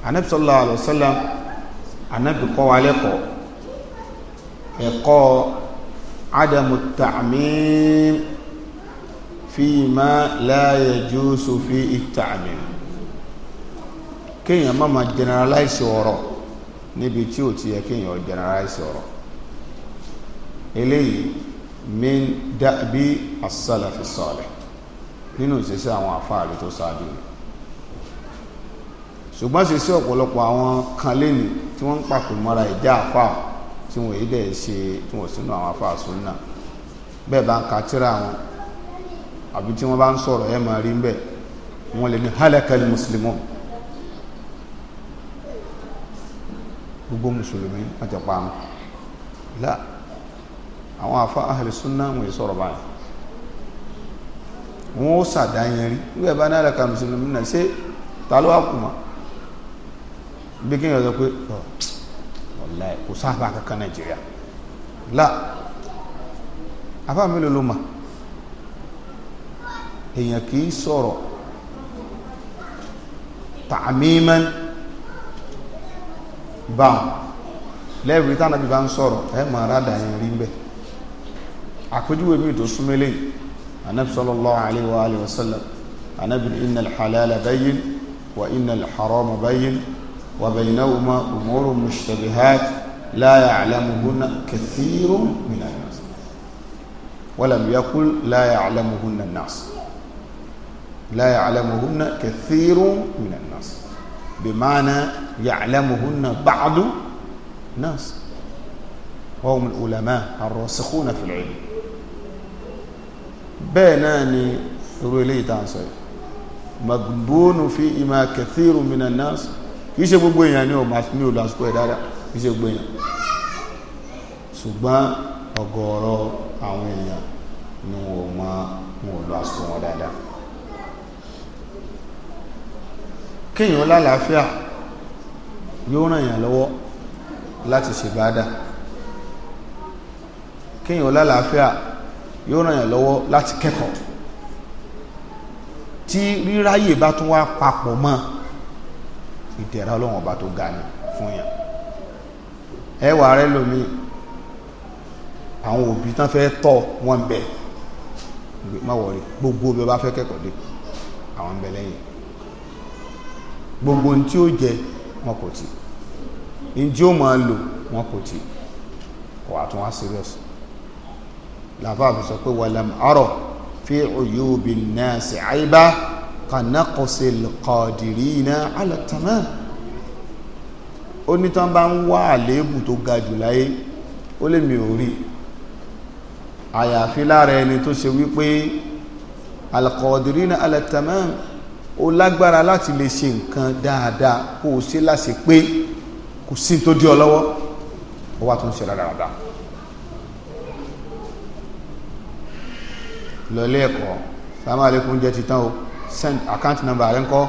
anabi sallallahu alayhi wa sallam anabi kọ́ wa lẹ́kọ̀ọ́ ẹ̀kọ́ adamu ta'amim fíìmá láàyè jùsù fi ìtààmì kéèyàn má ma generalize ọ̀rọ̀ níbi tí ò ti yẹ kéèyàn generalize ọ̀rọ̀ eléyìí min dàbí as-salafi salih nínú ìṣẹ́sẹ́ àwọn àfáàrí tó sáájú rẹ̀ ṣùgbọ́n ṣe sí ọ̀pọ̀lọpọ̀ àwọn kan lẹ́nu tí wọ́n ń pàpè mọ́ra ìjà àfáà tí wọ́n èyí dẹ̀ ṣe tí wọ́n sínú àwọn àfáà sunna bẹ́ẹ̀ bá ń ka tírà wọn àbí tí wọ́n bá ń sọ̀rọ̀ ẹ máa rí bẹ́ẹ̀ wọ́n lè ní halakal muslimun gbogbo mùsùlùmí àti pàánù là àwọn afá ahli sunna wọn yìí sọ̀rọ̀ báyìí wọn ó sàdáyẹrí wíwẹ̀ bá ní halakal muslimun náà ṣé ta ló wà kùmà bí kí n yọ̀ pé kò sáà bá kankan nàìjíríà là afá mi ló ló mà èèyàn kì í sọ̀rọ̀ tààmìmán báwọn lẹ́ẹ̀rí tánà bí bá ń sọ̀rọ̀ ẹ mọ̀ rádà yìí rí bẹ́ àpéjúwe mi tó súnmẹ́lẹ̀ anábi sallallahu alaihi wa alihi wasallam anábi innal halala bayyin wa innal harama bayyin wa baynahuma umurun mushtabihat la la ya'lamuhunna kathirun minan nas bima'na ya'lamuhunna ba'du nas wa hum al-ulama ar-rasikhuna fil ilm bẹ́ẹ̀ náà ni irú eléyìí tá à ń sọ yìí magbónú fi ìmá kẹfìrù minan nas kìí ṣe gbogbo èèyàn ní ọmọ ní olú àsìkò ẹ̀ dáadáa kìí ṣe gbogbo èèyàn ṣùgbọ́n ọ̀gọ̀ọ̀rọ̀ àwọn èèyàn ni wọ́n mọ̀ ní olú àsìkò wọn dáadáa kéèyàn lálàáfíà yóò ràn yàn lọ́wọ́ láti ṣèbádà kéèyàn lálàáfíà yóò ràn yàn lọ́wọ́ láti kẹ́kọ̀ọ́ tí ríráyè bá tún wá papọ̀ mọ́ ìdẹ̀ra ọlọ́run ọba tó ga ni fún yàn ẹwà rẹ lómi àwọn òbí tán fẹ́ tọ́ wọn bẹ̀ má wọ̀rí gbogbo bí ó bá fẹ́ kẹ́kọ̀ọ́ dé àwọn ń lẹ́yìn gbogbo tí ó jẹ wọn kò tí njẹ́ ó máa lò wọn kò tí kò wà tún wá serious làbáàbí sọ pé wàlám àrọ̀ fi uyubi nnasi àyíbá kanaqsi alqadirina ala tamam ó ní tán bá ń wá àléébù tó ga jù láyé ó lè mi ò rí àyàfi lára ẹni tó ṣe wípé alqadirina ala tamam o lágbára láti lè ṣe nǹkan dáadáa kó o ṣe láṣẹ pé kò sí tó dí ọ lọ́wọ́ ó wá tó ń ṣe rádaràdà lọlé ẹ̀kọ́ sàmà àlékún jẹ́ ti tán o send account number rẹ̀ ń kọ́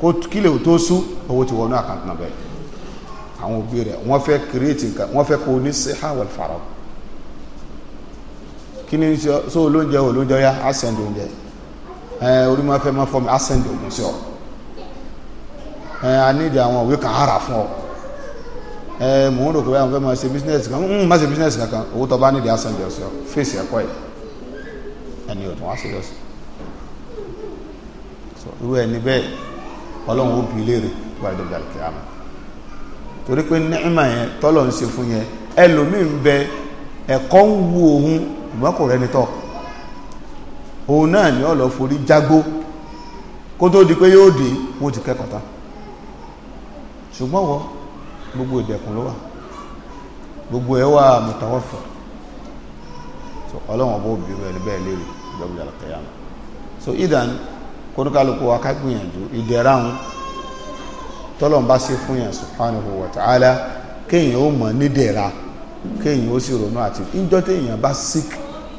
kó kílè tó sú owó ti wọnú account number àwọn òbí rẹ̀ wọ́n fẹ́ create nǹkan wọ́n fẹ́ kó o ní siha wal farag kí ni sọ olóúnjẹ olóúnjẹ ya á send oúnjẹ orí máa fẹ́ ma fọ́ mi asẹ́ndì ògùn sí ọ a nídìí kan ara fún ọ mò ń rò pé àwọn fẹ́ máa ṣe bísínẹ́sì kan ma se ṣe bísínẹ́sì kan owó tó bá nídìí asẹ́ndì ọ̀sẹ̀ ọ fèsì ẹ̀kọ́ ẹ̀ ẹni ò tún wá sí lọ́sì irú ẹni bẹ́ẹ̀ ọlọ́run ó bi léèrè tó bá dọ̀gbà kí a mọ̀ torí pé nẹ́ẹ̀mà yẹn tọ́lọ̀ ń ṣe fún yẹn òun náà ni ọ̀lọ́ forí jágó kó tó di pé yóò dé wọ́n ti kẹ́kọ̀ọ́ ta ṣùgbọ́n wọ́n gbogbo ìdẹ̀kùn ló wà gbogbo ẹ̀ wà mùtàwọ́fẹ̀ so ọlọ́wọ́n bó bí rẹ̀ bẹ́ẹ̀ léèrè ìjọba àlùkẹ́yà so idan kónúkálukú wa ká gbìyànjú ìdẹ̀ra ń tọ́lọ̀ ń bá ṣe fún yàn subhanahu wa ta'ala kéèyàn ó mọ̀ nídẹ̀ra kéèyàn ó sì ronú àti ìjọ téèyàn bá sick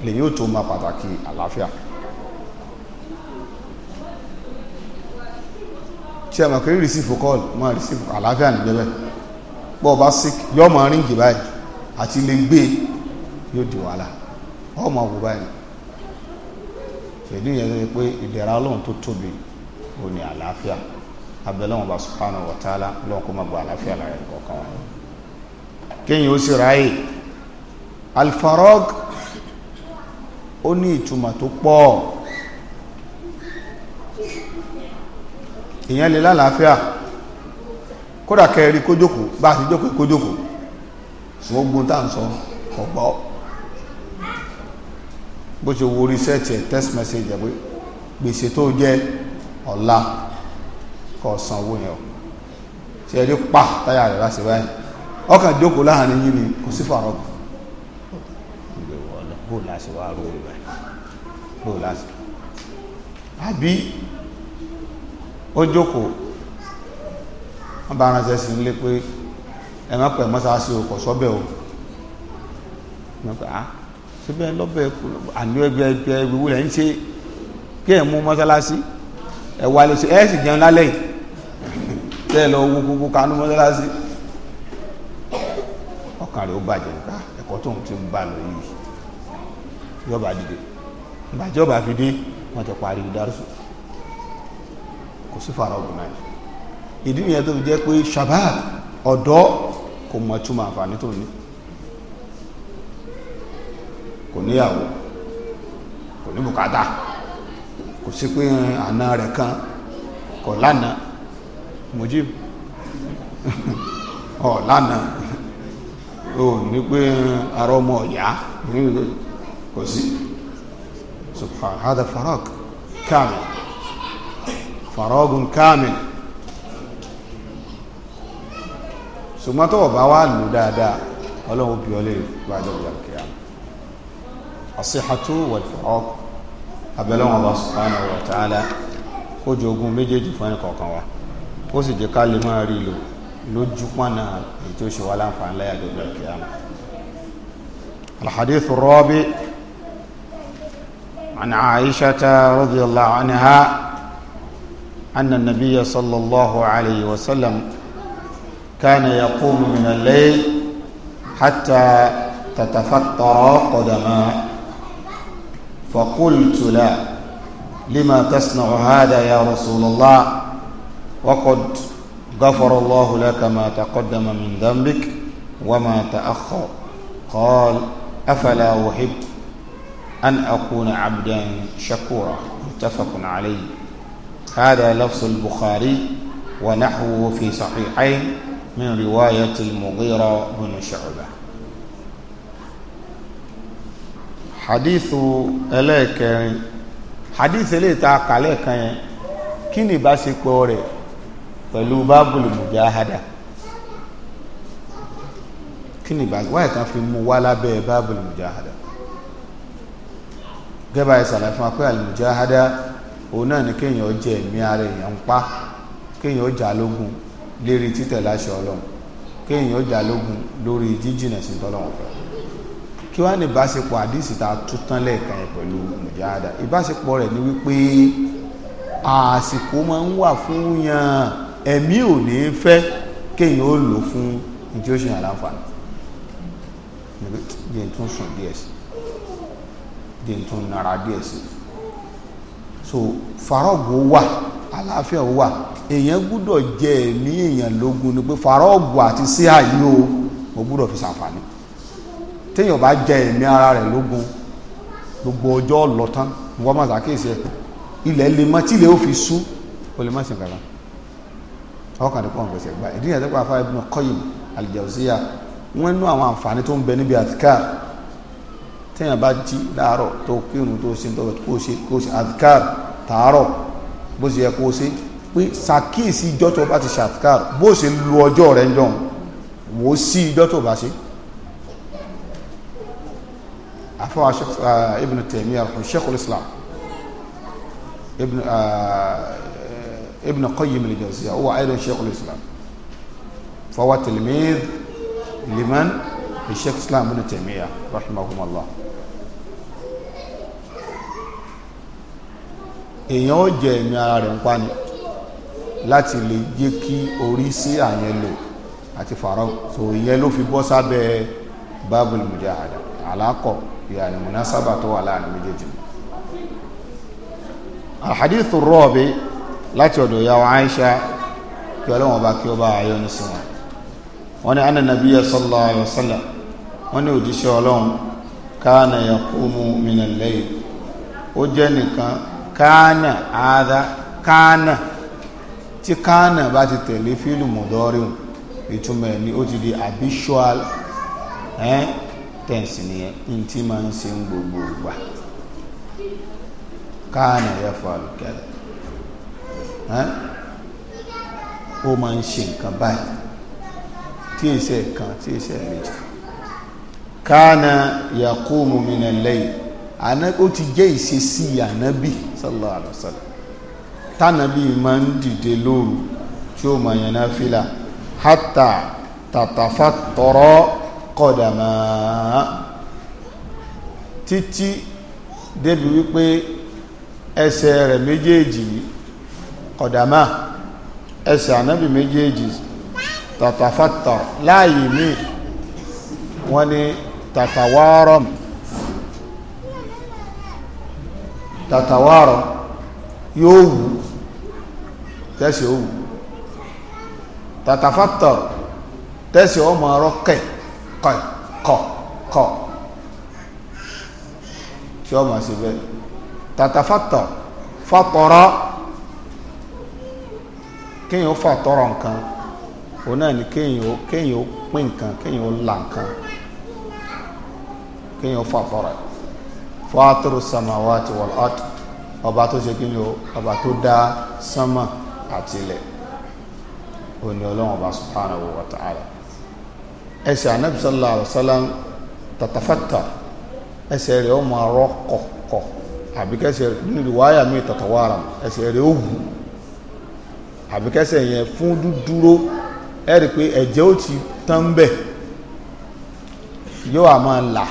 lèyìn ó tó máa pàtàkì àlàáfíà ṣe àmọ̀ pé receive call máa receive àlàáfíà níbẹ̀ bọ́ ọba sick yọ ọmọ ríǹgì báyìí àti lè gbé yóò di wàhálà ọmọ wò báyìí ṣèdí yẹn lóye pé ìdẹ̀ra ọlọ́run tó tóbi ò ní àlàáfíà abẹ́lẹ́ wọn bá subhanahu wa ta'ala lọ́wọ́n kó má gba àlàáfíà lára ẹ̀kọ́ wọn. kéèyàn ó sì ráyè alfarog ó ní ìtumọ̀ tó pọ̀ èèyàn lè lálàáfíà kódà kẹrí kójókòó bá ti jókòó kójókòó ṣùgbọ́n ogun tá à ń sọ ọgbọ́ bó ṣe wo research ẹ̀ text message ẹ̀ pé gbèsè tó jẹ́ ọ̀la kọ̀ sanwó yẹn o ṣe rí pa táyà rẹ̀ láti báyìí ọkàn jókòó láàrin yín ni kò sí fàrọ̀gù bó láti wá rú rẹ̀ bó láti àbí ó jókòó wọ́n bá ránṣẹ́ sí ilé pé ẹ má pẹ̀ mọ́sáàsì o kò sọ́bẹ̀ o wọ́n pẹ̀ ah, á síbẹ̀ lọ́bẹ̀ àní ẹgbẹ́ ẹgbẹ́ ìwúwo lẹ́yìn ṣe kí ẹ̀ mú mọ́sálásí ẹ̀ wà lè ṣe ẹ̀ sì jẹun lálẹ́ yìí tẹ́ [LAUGHS] ẹ lọ wo gbogbo kanú mọ́sálásí ọkàn rẹ̀ ó bàjẹ́ nípa ẹ̀kọ́ tó ń ti ń bà lọ yìí yọba dìde ìgbàjọba fi dé wọ́n ti parí dárúsùn kò sí fara ọdún náà ìdí nìyẹn tó fi jẹ́ pé shabab ọ̀dọ́ kò mọ̀ túmọ̀ àǹfààní tó ní kò níyàwó kò ní bùkátà kò sí pé àna rẹ̀ kan kò lánàá mojib ọ̀ lánàá o ní pé ara ọmọ ọ̀yá kò sí subhanahu hada faraq kamil faragun كامل ṣùgbọ́n tó bá wà lù dáadáa ọlọ́run bí ọlẹ́ ìgbàjọ́ ìjànkìá asihatu أبلغ الله سبحانه وتعالى subhanahu wa ta'ala ó jogun méjèèjì fún ẹnì kọ̀ọ̀kan wa ó sì jẹ́ ká lè máa rí lò lójú pọ́nà èyí tó ṣe wá láǹfààní láyà gbogbo ìkìá الحديث الرابع عن عائشة رضي الله عنها أن النبي صلى الله عليه وسلم كان يقوم من الليل حتى تتفطر قدماه فقلت لا لما تصنع هذا يا رسول الله وقد غفر الله لك ما تقدم من ذنبك وما تأخر قال أفلا أحب أن أكون عبدا شكورا متفق عليه هذا لفظ البخاري ونحوه في صحيحين من رواية المغيرة بن شعبة حديث إليك حديث إليك عليك كني باسي كوري pẹ̀lú bábùlù mùjáhádà kí ni ìbá wáyé kan fi mú wá lábẹ́ bábùlù mùjáhádà gẹ́bà ìsàlẹ̀ fún apẹ́ àlùmùjáhádà òun náà ni kéèyàn jẹ ẹ̀mí ara èèyàn ń pa kéèyàn jà lérí títẹ̀ láṣẹ ọlọ́run kéèyàn jà lórí jíjìnà sí tọ́lọ́run kí wá ní àdìsí ta tún tán pẹ̀lú mùjáàdá ni wípé àsìkò máa ń wà fún ò ní sí jẹ́ tún nara díẹ̀ sí so farọ́ọ̀bù wà àlàáfíà wà èèyàn gbúdọ̀ jẹ ẹ̀mí èèyàn lógún ni pé farọ́ọ̀bù àti síhà yìí o mo gbúdọ̀ fi ṣàǹfààní téèyàn bá jẹ ẹ̀mí ara rẹ̀ lógún gbogbo ọjọ́ lọ́tán wọ́n máa ṣàkíyèsí ẹ̀ ilẹ̀ lè mọ tí ilẹ̀ ó fi sú o lè má ṣe nǹkan kan ọkàn tó kàn fẹsẹ̀ gbà ìdí ìyàtọ̀ pàápàá Ibn Qayyim al-Jawziyya wọ́n nú àwọn àǹfààní tó ń bẹ níbi àtikáà téèyàn bá jí láàárọ̀ tó kírun tó ṣe tọ́wọ́ kó ṣe kó ṣe adkar tààrọ̀ bó ṣe yẹ kó ṣe pé ṣàkíyèsí ìjọ́ tó bá ti ṣe adkar bó ṣe lu ọjọ́ rẹ̀ ń jọun wò ó sí ìjọ́ tó bá ṣe. àfọwọ́ eh, ibn Taymiyyah Sheikhul Islam ibn eh, ibn Qayyim al-Jawziyya huwa aydan Sheikhul Islam fahuwa tilmidh liman Sheikh Islam ibn Taymiyyah rahimahumullah. èèyàn ó jẹ ẹ̀mí ara rẹ̀ ń pani láti lè jẹ́ kí orí sí àyẹn lò àti farao so ìyẹn ló fi bọ́ sábẹ́ babul mujahada alákọ̀ ìyàní munasaba tó wà láàrin méjèèjì alhadithu rọ́ọ̀bì láti ọ̀dọ̀ ìyá wa kí ọlọ́wọ́n bá kí ó bá ayọ́ ní sinmi wọ́n ní anna nabiyya sallallahu alaihi wasallam wọ́n ní òjíṣẹ́ ọlọ́run kana yaqumu min al-layl ó jẹ́ nìkan kánà àádá kánà tí kánà bá ti tẹ̀lé fílù mọ̀dọ́rìn ìtumọ̀ ni ó ti di habitual eh, tense nìyẹn ní tí máa ń ṣe ń gbogbo ìgbà kánà yẹ fọ àlùkẹ́lẹ̀ ó máa ń ṣe nǹkan báyìí tí èsẹ̀ kan tí èsẹ̀ méjì kánà yakumu minal layl ó ti jẹ́ ìṣesí ànábì sallallahu alaihi wasallam tánàbí máa ń dìde lóru tí ó máa yẹn náfìlà hátà tàtàfà tọrọ kọdàmà títí débi wípé ẹsẹ̀ rẹ̀ méjèèjì kọdàmà ẹsẹ̀ ànábì méjèèjì tàtàfà tọrọ láàyè míì wọ́n ní tàtàwárọ̀mù tàtàwárọ̀ yóò wù tẹ́sì ó wù tàtàfàtọ̀ tẹ́sì ó mọ̀ ọ̀rọ̀ kẹ̀ kọ̀ kọ̀ kọ̀ tí ó mọ̀ sí bẹ́ẹ̀ tàtàfàtọ̀ fàtọ̀rọ̀ kéèyàn fàtọ̀rọ̀ nǹkan òun náà ni kéèyàn pín nǹkan kéèyàn là nǹkan kéèyàn fàtọ̀rọ̀ ẹ̀ fàtúrù samawati wal ard ọba tó ṣe kíni o ọba tó dá sánmà àti ilẹ̀ ó ní ọlọ́run ọba subhanahu wa ta'ala ẹsẹ̀ anabi sallallahu alayhi ẹsẹ̀ rẹ̀ ó máa rọ kọ̀kọ̀ àbíkẹ́sẹ̀ nínú ìwáyà mi tatawaram ẹsẹ̀ rẹ̀ ó wù àbíkẹ́sẹ̀ yẹn fún dúdúró ẹ̀rí pé ẹ̀jẹ̀ ó ti tán bẹ̀ yóò à là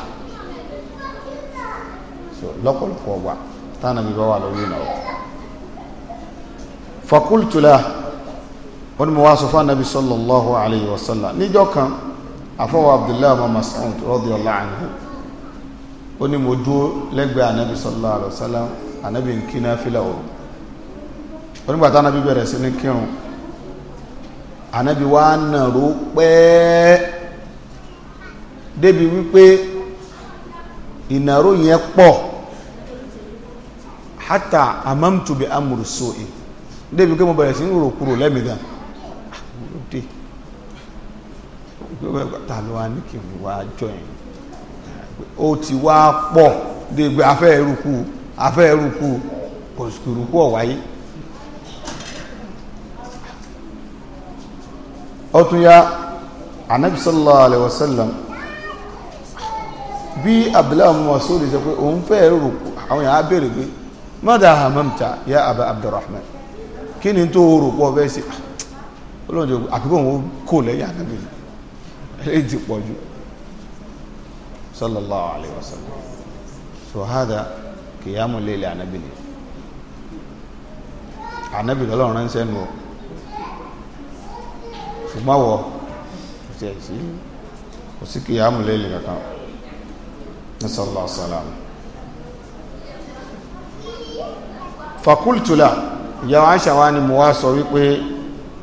lọ́pọ̀lọpọ̀ ọgbà tánà bí bá wà lórí ìnáwó fakultula wọn mọ̀ wá sọ fún anabi sallallahu alayhi wa sallam níjọ́ kan afọwọ́ abdullahi ọmọ Mas'ud radiyallahu anhu ó ní mo dúró lẹ́gbẹ̀ẹ́ anabi sallallahu alayhi wa sallam anabi ń kí náà fílà òru onígbà hata amamtu bi amuru soe débi pé mo bẹ̀rẹ̀ sí ń rò kúrò lẹ́mìí gan ọdẹ ah, ta ló wá ní kí n wá jọ yẹn ó ti wá pọ̀ débi afẹ́ eruku afẹ́ eruku kò sùkúrukú ọ̀wáyé. ọtún ya anabi sallallahu alaihi wasallam bí abdullahi muhammadu sọ pé òun fẹ́ rò àwọn yàrá béèrè pé mọ́dà hamamta ya aba abdurrahman kí ni tó rò pọ̀ bẹ́ẹ̀ sí olóòjò àkíkò wọn kò lẹ́yìn ànábì èyí ti pọ̀ jù sallallahu alayhi wa sallam so hada kìyàmù lélẹ̀ ànábì ni ànábì lọ́lọ́run ránṣẹ́ nù ṣùgbọ́n wọ kò sí kìyàmù lélẹ̀ kankan sallallahu alayhi wa fakultula ìyá wa aisha wa ni mo wá sọ wípé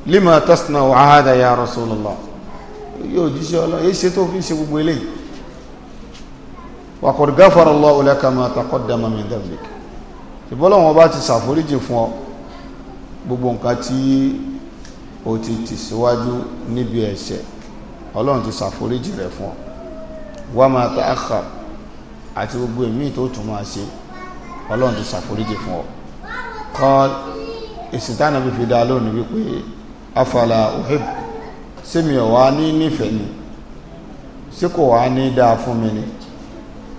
lima tasna wàhádà ya rasulullah yóò jíṣẹ́ ọlọ́ yìí ṣe tó fi ṣe gbogbo eléyìí waqad ghafara Allahu laka ma taqaddama min dhanbik ìbọ́lọ̀ wọn bá ti ṣàforíjì fún ọ gbogbo nǹkan tí o ti tì síwájú níbi ẹ̀ṣẹ̀ ọlọ́run ti ṣàforíjì rẹ̀ fún ọ wa ma ta'akhkhar àti gbogbo èmi tó tún máa ṣe ọlọ́run ti ṣàforíjì fún ọ kọ́l ìsìtánà bí fi dá lónìí wípé afala uhib sí mi ò wá ní nífẹ̀ẹ́ ni sí kò wá ní dáa fún mi ni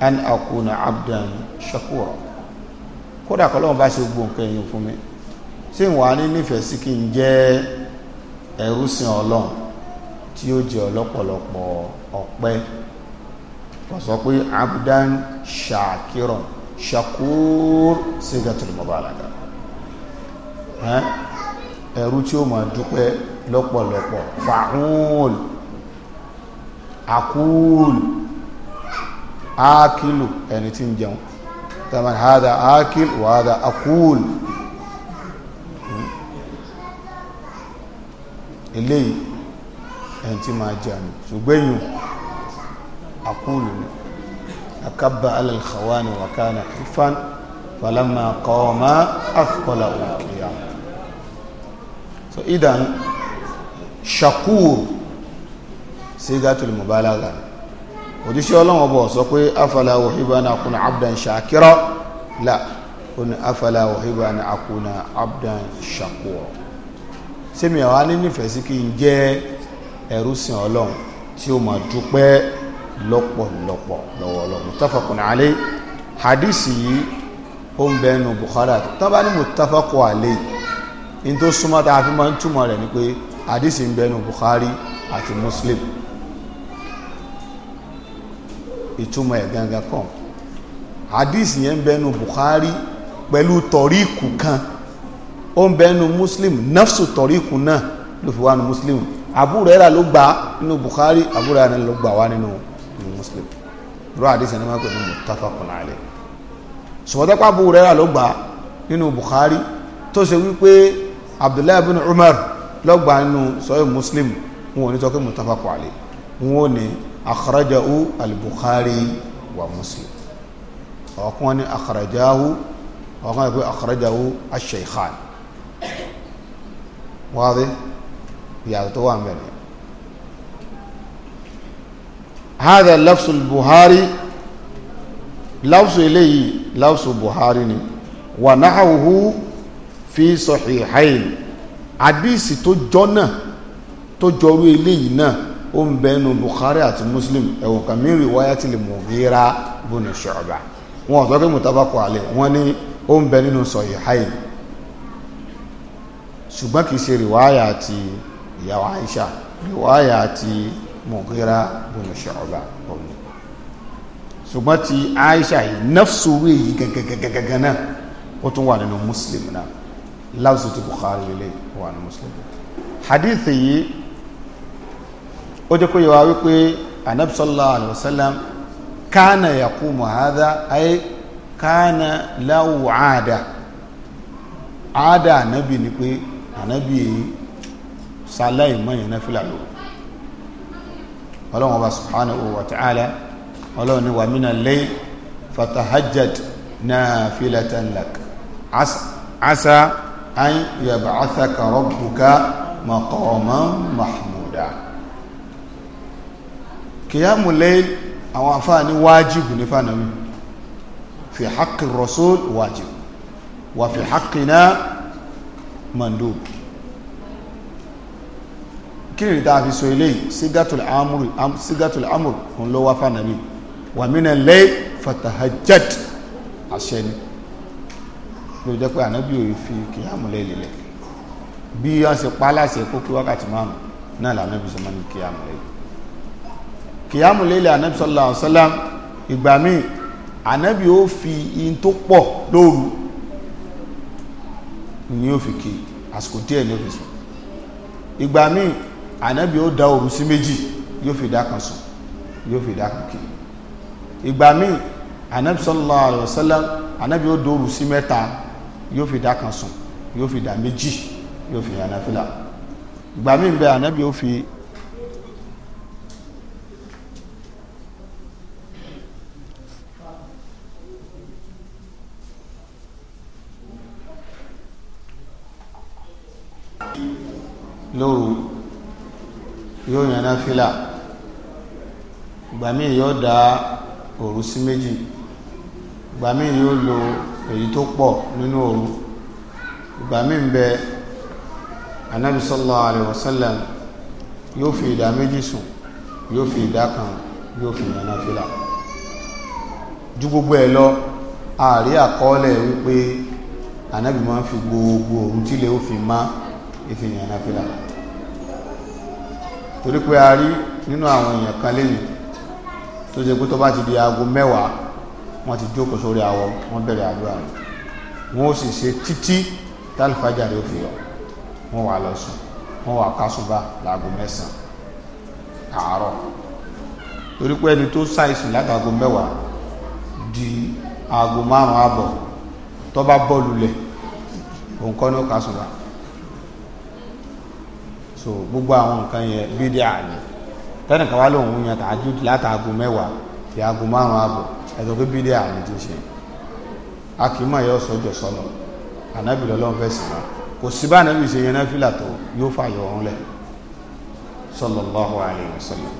an akuna abdan shakura kódà kọ́lọ́wọ́n bá ṣe gbogbo nǹkan èèyàn fún mi sí wà ní nífẹ̀ẹ́ sí kí n jẹ́ ẹrúsìn ọlọ́run tí ó jẹ́ ọlọ́pọ̀lọpọ̀ ọpẹ́ kò sọ pé abdan shakiran shakur sigatul mubalaga ẹrú tí ó mọ̀ dúpẹ́ lọ́pọ̀lọpọ̀ fàáhùn àkúùlù ákìlù ẹni tí ń jẹun tàbí hádà ákìlù wà hádà àkúùlù hmm. eléyìí ẹni tí máa jẹun ṣùgbẹ́yìn àkúùlù ni akaba alalkhawani wakana ifan falama kọ́ ọmọ afkọ́lá òkè so idan shakur sigatul mubalaga òjíṣẹ́ ọlọ́wọ́ bọ̀ sọ pé afala wòhíbánà akuna abdan shakira la ó ní afala wòhíbánà akuna abdan shakur sẹ́mi àwa ní nífẹ̀ẹ́ sí kí n jẹ́ ẹrúsìn ọlọ́run tí ó máa dúpẹ́ lọ́pọ̀lọpọ̀ lọ́wọ́ ọlọ́run muttafaqun alayhi hadisi yìí ó ń bẹ́ẹ̀ nu Bukhari tábà ní muttafaqun alayhi in tó súnmọ́ tá a fi máa ń túmọ̀ rẹ̀ ni pé àdìsí ń bẹnu Bukhari àti Muslim ìtumọ̀ ẹ̀ gangan kan àdìsí yẹn ń bẹnu Bukhari pẹ̀lú tọ̀ríkù kan ó ń bẹnu Muslim nafsu tọ̀ríkù náà ló fi wá nu Muslim Abu Hurairah ló gbà nínú Bukhari Abu Hurairah ló gbà wá nínú Muslim rọ àdìsí ẹni máa pè ní muttafaqun alayh sọ̀tẹ́pá Abu Hurairah ló gbà nínú Bukhari tó ṣe wípé abdullahi ibn umar lọ́gbà nínú sọ́yìn muslim wọn ò ní tọ́kí mutafakọ̀ alẹ́ wọn ò ní akhrajahu al-bukhari wa muslim ọ̀kan ní akhrajahu ọ̀kan ní akhrajahu ash wáde yàtọ̀ tó wà mẹ́rin هذا لفظ البخاري لفظ إليه لفظ البخاري ونحوه fi sahihayn hadisi tó jọ́nà tó jọrú eléyìí náà ó ń bẹnu Bukhari àti Muslim ẹ̀wọ̀n kan min riwayati al-Mughira bun Shu'ba wọn ò sọ pé mutabakọ àlẹ wọn ní ó ń bẹ nínú sahihayn ṣùgbọ́n kì í ṣe rìwáyà àti ìyàwó Aisha rìwáyà àti Mughira bun Shu'ba ọ̀nà ṣùgbọ́n ti Aisha yìí nafsu wéyí gẹ́gẹ́gẹ́gẹ́gẹ́ náà ó tún wà nínú Muslim náà láwùsí ti Bukhari lélẹ̀ wà ní Muslim hadith yìí ó jẹ́ kó yẹ wá wípé anabi sallallahu alayhi wa sallam kana yaqumu hadha ay kana lahu aada aada anabi ni pé anabi yìí sáláì mọ̀yàn náà fìlà lò subhanahu wa ta'ala ọlọ́run ni wà mínà lẹ́yìn fatahajjad náà fìlà tán lak asa an yab'athaka rabbuka maqaman mahmuda kìyàmù layl àwọn afáàní wájìbù ní fánàmì fi haqqi rasul wájìbù wà fi haqqina mandub kí ni dáa fi so eléyìí sígátùl amúrù sígátùl lọ wá fánàmì wà mí na fatahajjad àṣẹ ni ló jẹ́ pé ànábì òye fi kìyàmù lẹ́lẹ̀lẹ̀ bí wọ́n ṣe pa aláṣẹ kókó wákàtí márùn náà lànàbì ṣe máa ń kìyàmù lẹ́lẹ̀ kìyàmù lẹ́lẹ̀ ànábì sallallahu alaihi wasallam ìgbà míì ànábì ó fi in tó pọ̀ lóru ni ó fi kì àsìkò díẹ̀ ni ó sùn ìgbà míì ànábì ó da òru sí méjì yóò fi dá kan sùn yóò fi dá kan kì ìgbà míì ànábì sallallahu alaihi wasallam ànábì ó da òru sí yóò fi dá kan sùn yóò fi dá méjì yóò fi yàn náfìlà ìgbà míì bẹ ànábì ó fi lóru yóò yàn náfìlà ìgbà yóò dá òru sí méjì ìgbà míì yóò lo èyí tó pọ̀ nínú òru ìgbà mí ń bẹ anábi sallallahu alaihi wasallam yóò fi ìdá méjì sùn yóò fi ìdá kan yóò fi yànà fìlà ju gbogbo ẹ̀ lọ ààrí àkọọ́lẹ̀ wípé anábi máa ń fi gbogbo òru tílé ó fi má ìfi yànà fìlà torí pé a rí nínú àwọn èèyàn kan lẹ́yìn tó ṣe pé tó bá ti di aago mẹ́wàá wọ́n ti jókòó sórí awọ wọ́n bẹ̀rẹ̀ àdúrà rẹ̀ wọ́n ó sì ṣe títí tálífàjà rẹ̀ fi yọ wọ́n wà lọ sùn wọ́n wà kásùbà láago mẹ́sàn-án àárọ̀ torí pé ẹni tó ṣàìsùn látàgo mẹ́wàá di aago márùn-ún àbọ̀ tó bá bọ́ọ̀lù lẹ̀ òun kọ́ ní kásùbà so gbogbo àwọn nǹkan yẹn bídíà ni tẹ́nìkan wá lóun yan tàájú látàgo mẹ́wàá di aago márùn-ún àbọ̀ ẹ̀sùn pé bídíà àmì ti ṣe a kì í mọ̀ yọ sọ́jọ́ sọ́nà ànábì lọ́lọ́run fẹ́ sí wọn kò sí bá ànábì ṣe yẹn náfìlà tó yóò fàyọ̀ ọ̀hún lẹ̀ sallallahu alayhi wa sallam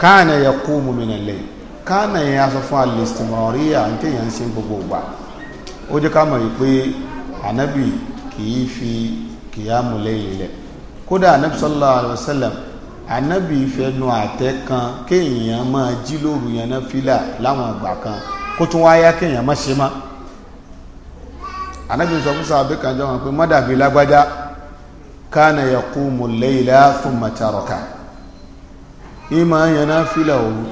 káàna yaqumu min al-layl káàna yẹn aṣọ fún al-istimariya ń tẹ̀yàn ń ṣe gbogbo ìgbà ó jẹ́ ká mọ̀ yìí pé ànábì kì í fi kìyàmù lẹ́yìn lẹ̀ kódà ànábì sallallahu alayhi ànábì ìfẹnu àtẹ kan kéèyàn máa jí lóru yẹn náà fílà láwọn ìgbà kan kó tún wáyá kéèyàn má ṣe má ànábì sọ fún sàbẹ kan jọ wọn pé mọdàbí lágbájá kánà yaqumu layla thumma taraka ìmọ̀ yẹn náà fílà òru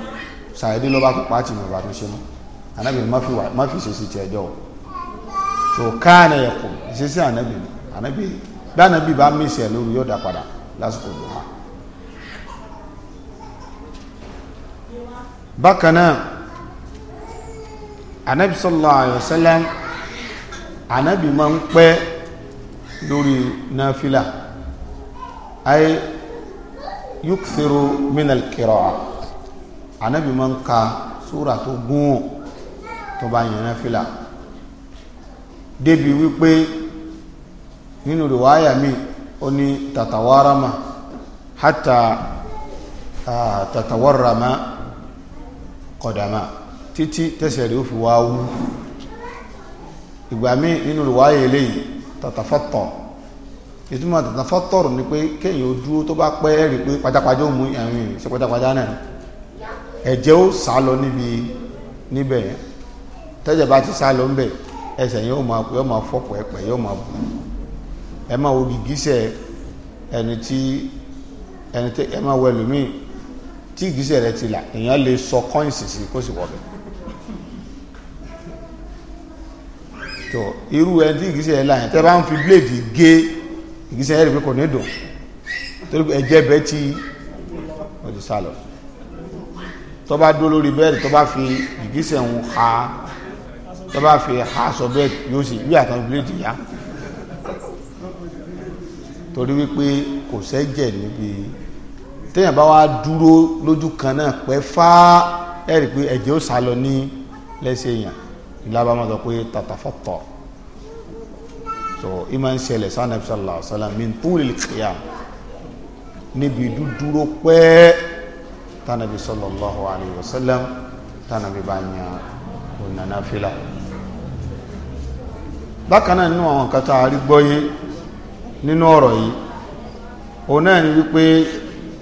sàyẹ́dí lọ́ba kó pàtì mọ̀ bàtún ṣe mọ́ ànábì má fi ṣe sí tiẹ̀ jọ o so kánà yaqumu ṣe sí ànábì ànábì bí ànábì bá mí ìṣẹ̀ lóru yóò dá padà lásìkò lóha. bákan náà anabi sallallahu alayhi wa sallam anabi máa ń pẹ́ lórí náfìlà ayé yukthiru minal qira'a anabi máa ń ka súra tó gún tó bá yẹn náfìlà débi wípé nínú rìwáyà mi ó ní tatawarama hata ah, tatawarama kọ̀dàmà títí tẹ́sẹ̀ rẹ̀ ó fi wá wú ìgbà míì nínú ìwáyé eléyìí tàtàfọ́tọ̀ ìtumọ̀ tàtàfọ́tọ̀rù ni pé kéèyàn dúró tó bá pẹ́ rí pé pajápajá ó mú ẹ̀rín ṣe pajápajá náà ẹ̀jẹ̀ ó sá lọ níbi níbẹ̀ tẹ́jẹ̀ bá ti sá lọ ńbẹ̀ ẹsẹ̀ yóò máa yóò máa fọ́ pẹ́ẹ́pẹ́ yóò máa bù ẹ máa wo gìgísẹ̀ ẹni tí ẹni tí ẹ máa wọ ẹlòmíì tí ìgbésẹ̀ rẹ ti là èèyàn lè sọ coins sí kó sì wọbẹ̀ tó irú ẹni tí ìgbésẹ̀ rẹ là yẹn tẹ́ bá ń fi blade gé ìgbésẹ̀ rẹ pé kò ní dùn torí ẹ̀jẹ̀ bẹ́ẹ̀ ti wọ́n ti sálọ tó bá dó lórí bẹ́ẹ̀dì tó bá fi ìgbésẹ̀ ń ha tó bá fi ha sọ bẹ́ẹ̀ yóò sì wí àtàwọn blade yá torí wípé kò sẹ́jẹ̀ níbi téèyàn bá wá dúró lójú kan náà pẹ́ fá ẹ̀ rí i pé ẹ̀jẹ̀ ó sálọ ní lẹ́sẹ̀ èèyàn ìlàbà máa sọ pé tatafatta so ìmọ̀ ń ṣẹlẹ̀ sànà sallallahu alaihi wasallam min tulil qiyam níbi dúdúró pẹ́ tànàbí sallallahu alaihi wasallam tànàbí bá yan ònànà fìlà bákan náà nínú àwọn kan tá a rí gbọ́yé nínú ọ̀rọ̀ yìí òun náà ni wípé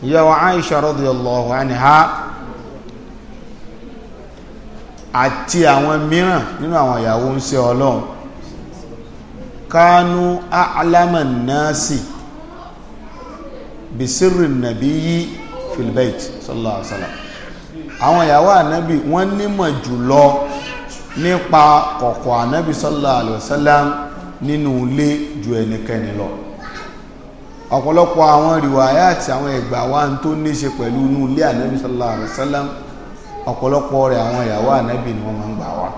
ìyàwó Aisha radiyallahu anha àti àwọn mìíràn nínú àwọn ìyàwó ń ṣe ọlọ́run kánú a'lama nasi bisirri nabiyyi fil bayt sallallahu alaihi wasallam àwọn ìyàwó ànábì wọ́n nímọ̀ jùlọ nípa kọ̀kọ̀ ànábì sallallahu alaihi wasallam nínú ilé ju ẹnikẹ́ni lọ ọ̀pọ̀lọpọ̀ àwọn rìwáyà àti àwọn ẹ̀gbà wa ń tó ní ṣe pẹ̀lú inú ilé ànábì sallallahu alaihi wasallam ọ̀pọ̀lọpọ̀ rẹ̀ àwọn ìyàwó ànábì ni wọ́n máa ń gbà wá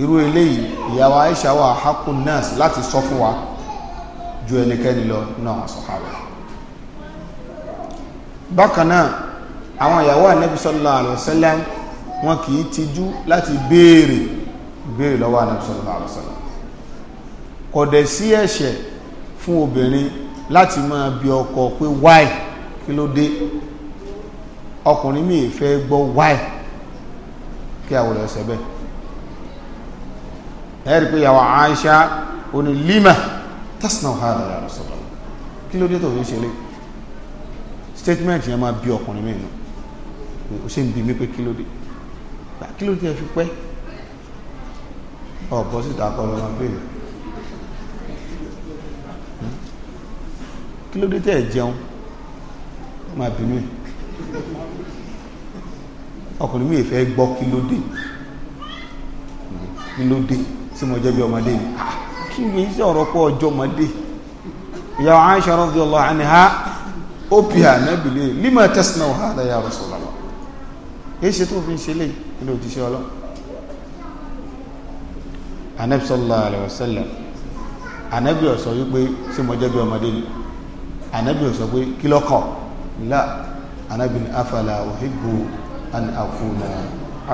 irú eléyìí ìyàwó Aisha wà haqqu nas láti sọ fún wa ju ẹnikẹ́ni lọ nínú àwọn sàhábà bákan náà àwọn ìyàwó ànábì sallallahu alaihi wasallam wọn kì í tijú láti béèrè béèrè lọ́wọ́ ànábì sallallahu alaihi wasallam sí ẹ̀ṣẹ̀ fún obìnrin láti máa bi ọkọ pé why kí ló dé ọkùnrin mi fẹ́ gbọ́ why kí àwòrán ẹsẹ̀ bẹ́ẹ̀ ẹ̀rí pé yàwó Aisha oní lima tasna hada ya Rasulullah kí ló dé tó ń ṣe lé statement yẹn máa bí ọkùnrin mìíràn o ṣe ń bi mí pé kí ló dé kí ló dé ẹ fi pẹ́ ọ̀pọ̀ síta kọ́ lọ́wọ́ bẹ́ẹ̀ kí ló dé tẹ́ ẹ̀ jẹun máa bínú ẹ̀ ọkùnrin mi ìfẹ́ gbọ́ kí ló dé kí ló dé sí mo jẹ́ bí ọmọdé mi ah, kí mi ń sọ̀rọ̀ pọ̀ ọjọ́ ọmọdé ìyá Aisha radiyallahu anha ó bì á nábì lè lima tasna hadha ya Rasulullah èyí ṣe tó fi ń ṣe lè kí ló ti ṣe ọlọ́ anabi sallallahu alaihi wasallam anabi ó wípé sí mo jẹ́ bí ọmọdé mi ànábì sọ pé kí lọ́kọ̀ la ànábì afala uhibbu an akuna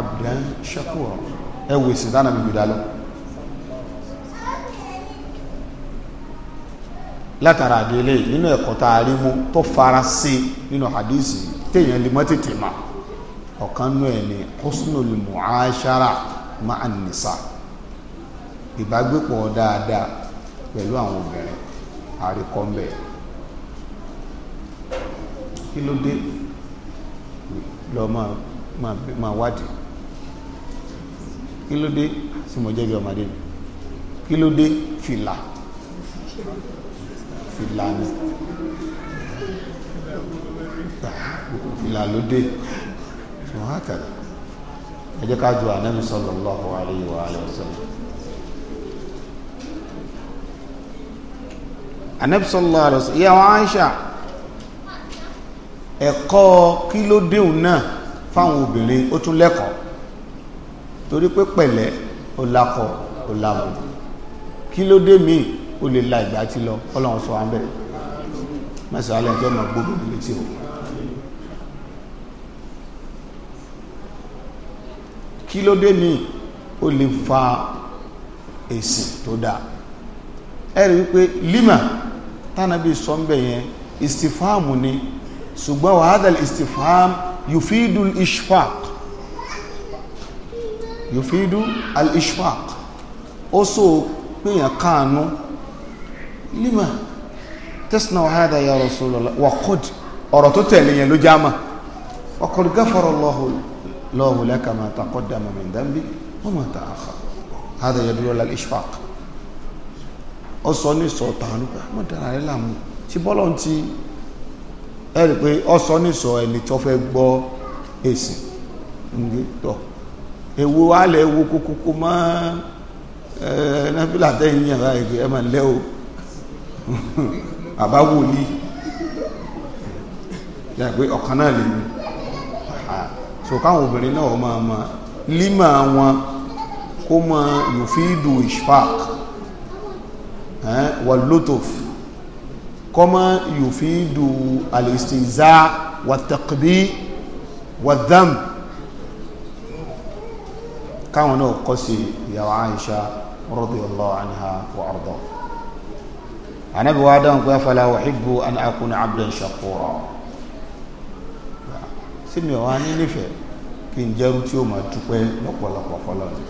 abdan shakura ẹ wò sí dáná bíbí dá lọ. látara àdélé nínú ẹ̀kọ́ tá a rí mú tó fara sí nínú hadisi téèyàn lè mọ́ tètè mà ọ̀kan nú ẹ̀ ní husnul mu'ashara ma'an nisa ìbágbépọ̀ dáadáa pẹ̀lú àwọn obìnrin àríkọ́ mbẹ́ẹ̀ kí ló dé lọ máa wádìí kí ló dé sí mo jẹ́ bí ọmọdé mi kí ló dé fìlà fìlà ni fìlà ló dé ṣùgbọ́n hákàrà ẹ jẹ́ ká ju ànábì sallallahu alaihi wa alihi wasallam ànábì sallallahu alaihi Aisha ẹ̀kọ́ kí ló déhùn náà fáwọn obìnrin ó tún lẹ́kọ̀ọ́ torí pé pẹ̀lẹ́ ó lakọ̀ ó labò kí ló dé míì ó lè la ìgbà tí lọ ọlọ́run sọ wá mẹ́sàn án lẹ́jọ́ mọ̀ gbogbo ìlú tí o kí míì ó lè fa èsì tó dáa ẹ rí i pé lima tánàbí sọ́ńbẹ̀ yẹn ìsìfáàmù ni ṣùgbọ́n wa hadha al-istifham yufidu al-ishfaq yufidu al-ishfaq ó so pèèyàn káànú lima tasna hadha ya Rasulullah wa qad ọ̀rọ̀ tó tẹ̀lé yẹn ló já mà wa qad ghafara Allahu laka ma taqaddama min dhanbi wa ẹ rí i pé ọ nìsọ ẹni tó fẹ́ gbọ́ èsì ǹgbẹ́ tọ̀ ewu alẹ́ ewu kókókó mọ́ ẹ nàbílà tẹ́yìn yẹn báyìí ẹ máa lẹ́ o àbá wòlíì yà pé ọ̀kan náà lè mi so káwọn obìnrin náà máa ma límà wọn kó mọ yòfídù ishfaq wà lótòfù kama yufidu al-istihza wat-taqbi wadh-dhamb káwọn náà kọ́ sí ìyàwó Aisha radiyallahu anha wa arda anabi wa dáhùn pé fala uhibbu an akuna abdan shakura sí mi wá ní nífẹ̀ẹ́ kí n jẹ́rú tí ó máa dúpẹ́ lọ́pọ̀lọpọ̀ fọlọ́run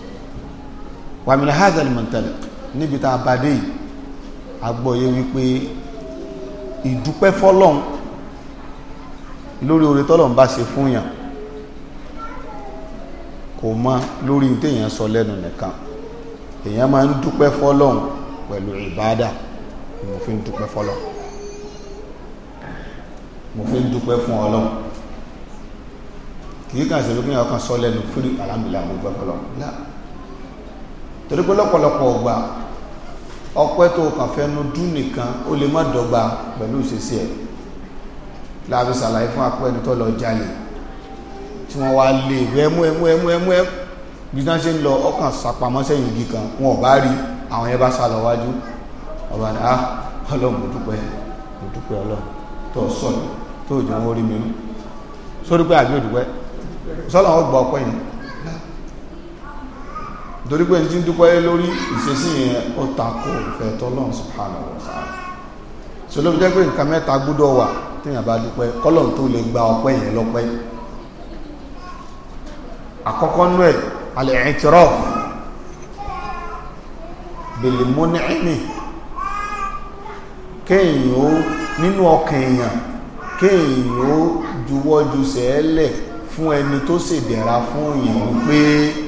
wa min hadha níbi tá a bá dé yìí wípé ìdúpẹ́ fọ́lọ́n lórí oore tọ́lọ̀n bá ṣe fún yàn kò mọ́ lórí téèyàn sọ lẹ́nu nìkan èèyàn máa ń dúpẹ́ fọ́lọ́n pẹ̀lú ìbádà mo fi ń dúpẹ́ fọ́lọ́n mo fi ń dúpẹ́ fún ọlọ́run kìí kàn sí lókè ọkàn sọ lẹ́nu fún alhamdulillah mo gbẹ́ fọ́lọ́n torí pé lọ́pọ̀lọpọ̀ ọgbà ọpẹ́ tó kàn fẹ́nu dún nìkan ó lè má dọ́gba pẹ̀lú ìṣesí ẹ̀ láàbí sàlàyé fún apẹ́ ẹni tó lọ jalè tí wọ́n wá lè ẹmú ẹmú ẹmú ẹmú ẹ bí wọ́n ṣe ń lọ ọkàn sàpamọ́ sẹ́yìn igi kan wọn ò bá rí àwọn yẹn bá sá lọ wájú ọba ni ah ọlọ́run mo dúpẹ́ mo dúpẹ́ ọlọ́run tó sọ tó jọ wọn rí mi sórí pé àbí òdùpẹ́ sọ́lọ́run ó gbọ́ ọpẹ́ yìí torí pé tí ń dúpẹ́ lórí ìṣesí yẹn ó takò ìfẹ́ tọ́lọ́run subhanahu wa ta'ala ṣòlóbi jẹ́ pé nǹkan mẹ́ta gbọ́dọ̀ wà téèyàn bá dúpẹ́ kọ́lọ̀ tó lè gba ọpẹ́ yẹn lọ́pẹ́ àkọ́kọ́ nú ẹ̀ al-i'tiraf bil-mun'imi kéèyàn ó nínú ọkàn èèyàn kéèyàn ó juwọ́ ju sẹ́ẹ̀lẹ̀ fún ẹni tó ṣèdẹ̀ra fún èèyàn wípé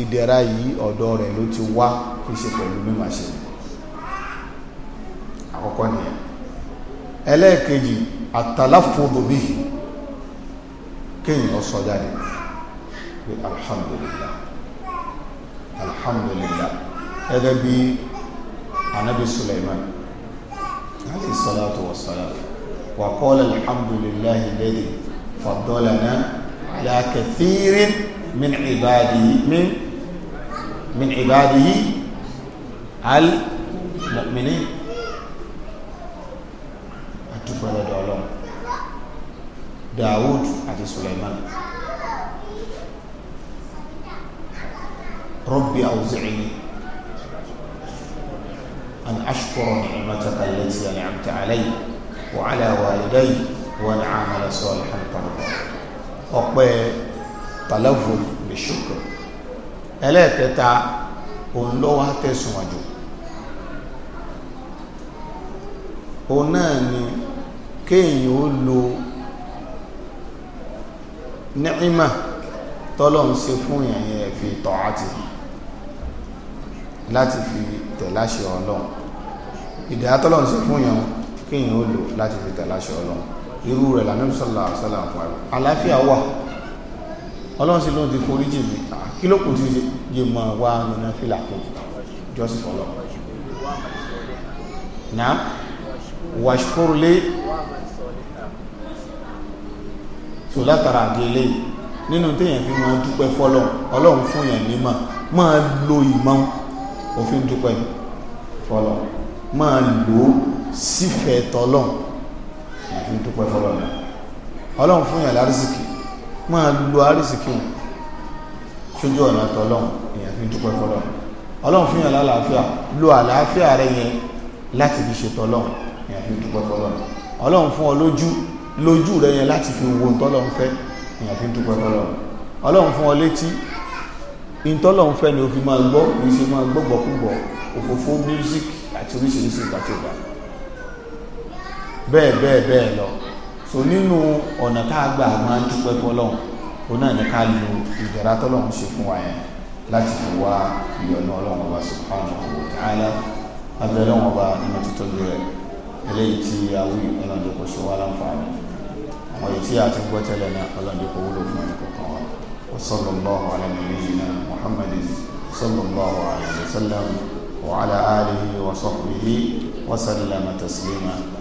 ìdẹ̀ra yìí ọ̀dọ̀ rẹ̀ ló ti wá kìí ṣe pẹ̀lú mímọ̀ ṣe àkọ́kọ́ nìyẹn ẹlẹ́ẹ̀kejì àtàláfòdò bí kéèyàn sọ jáde pé alhamdulillah alhamdulillah ẹgẹ́ bí anabi suleiman alayhi salatu wa salam wa qala alhamdulillahi alladhi faddalana ala kathirin min ibadihi min من عباده المؤمنين àdúpẹ́ lọ́dọ̀ داود اتي سليمان ربي أوزعني أن أشكر نعمتك التي أنعمت علي وعلى والدي وأن أعمل صالحا ترضى ọpẹ́ تلفظ بالشكر ẹlẹ́ẹ̀kẹta òun lọ́wọ́ tẹ̀sùn àjò òun náà ni kéèyàn ó lo ni'ima tọ́lọ́run ṣe fún ìyẹn fi tọ́ọ̀tì láti fi tẹ̀láṣẹ ọlọ́run ìdá tọ́lọ́run ṣe fún ìyẹn kéèyàn ó lò láti fi tẹ̀láṣẹ ọlọ́run irú rẹ̀ lànà sallallahu alaihi wasallam àlàáfíà wà ọlọ́run sí ló ti forí jì mí kí ló kù tí yé mọ̀ wá nínú fìlà kù jọ́sìn fọlọ́ náà wàṣkúrúlé tó látara àgélé nínú téèyàn fi máa dúpẹ́ fọ́lọ́ ọlọ́run fún yẹn nímọ̀ máa lo ìmọ̀ òfin dúpẹ́ fọ́lọ́ máa lò ó sífẹ̀ẹ́ tọ́lọ́run òfin dúpẹ́ fọ́lọ́ ọlọ́run fún yẹn lárísìkì máa lo àrísìkí wọn sójú ọ̀nà tọ́lọ́hún èèyàn fi dúpẹ́ fọlọ́hún ọlọ́run fún yàn lálàáfíà lo àlàáfíà rẹ yẹn láti fi ṣe tọ́lọ́hún èèyàn fi dúpẹ́ fọlọ́hún ọlọ́run fún ọ lójú lójú rẹ yẹn láti fi wo ntọ́lọ́hún fẹ́ èèyàn fi dúpẹ́ fọlọ́hún ọlọ́run fún ọ létí ntọ́lọ́hún fẹ́ ni o fi máa gbọ́ kì í ṣe máa gbọ́gbọ́ púpọ̀ òfófó music àti oríṣiríṣi ìgbà tó gbà bẹ́ẹ̀ bẹ́ẹ̀ bẹ́ẹ̀ lọ so nínú ọ̀nà tá a gbà máa ń dúpẹ́ fọlọ́run òun náà ní ká lo ìdẹ̀ra tọ́lọ́run ṣe fún wa yẹn láti fi wá ìyọ́nú ọlọ́run ọba subhanahu wa ta'ala abẹ́rẹ́ wọn ọba nínú títọ́jú rẹ̀ eléyìí tí awí ọlọ́dún ṣe wá láǹfààní àwọn èyí tí a ti gbọ́ tẹ́lẹ̀ náà ọlọ́dún wúlò fún ẹnì kọ̀ọ̀kan wa وصلى الله على نبينا محمد صلى الله عليه وسلم وعلى آله وصحبه وسلم تسليما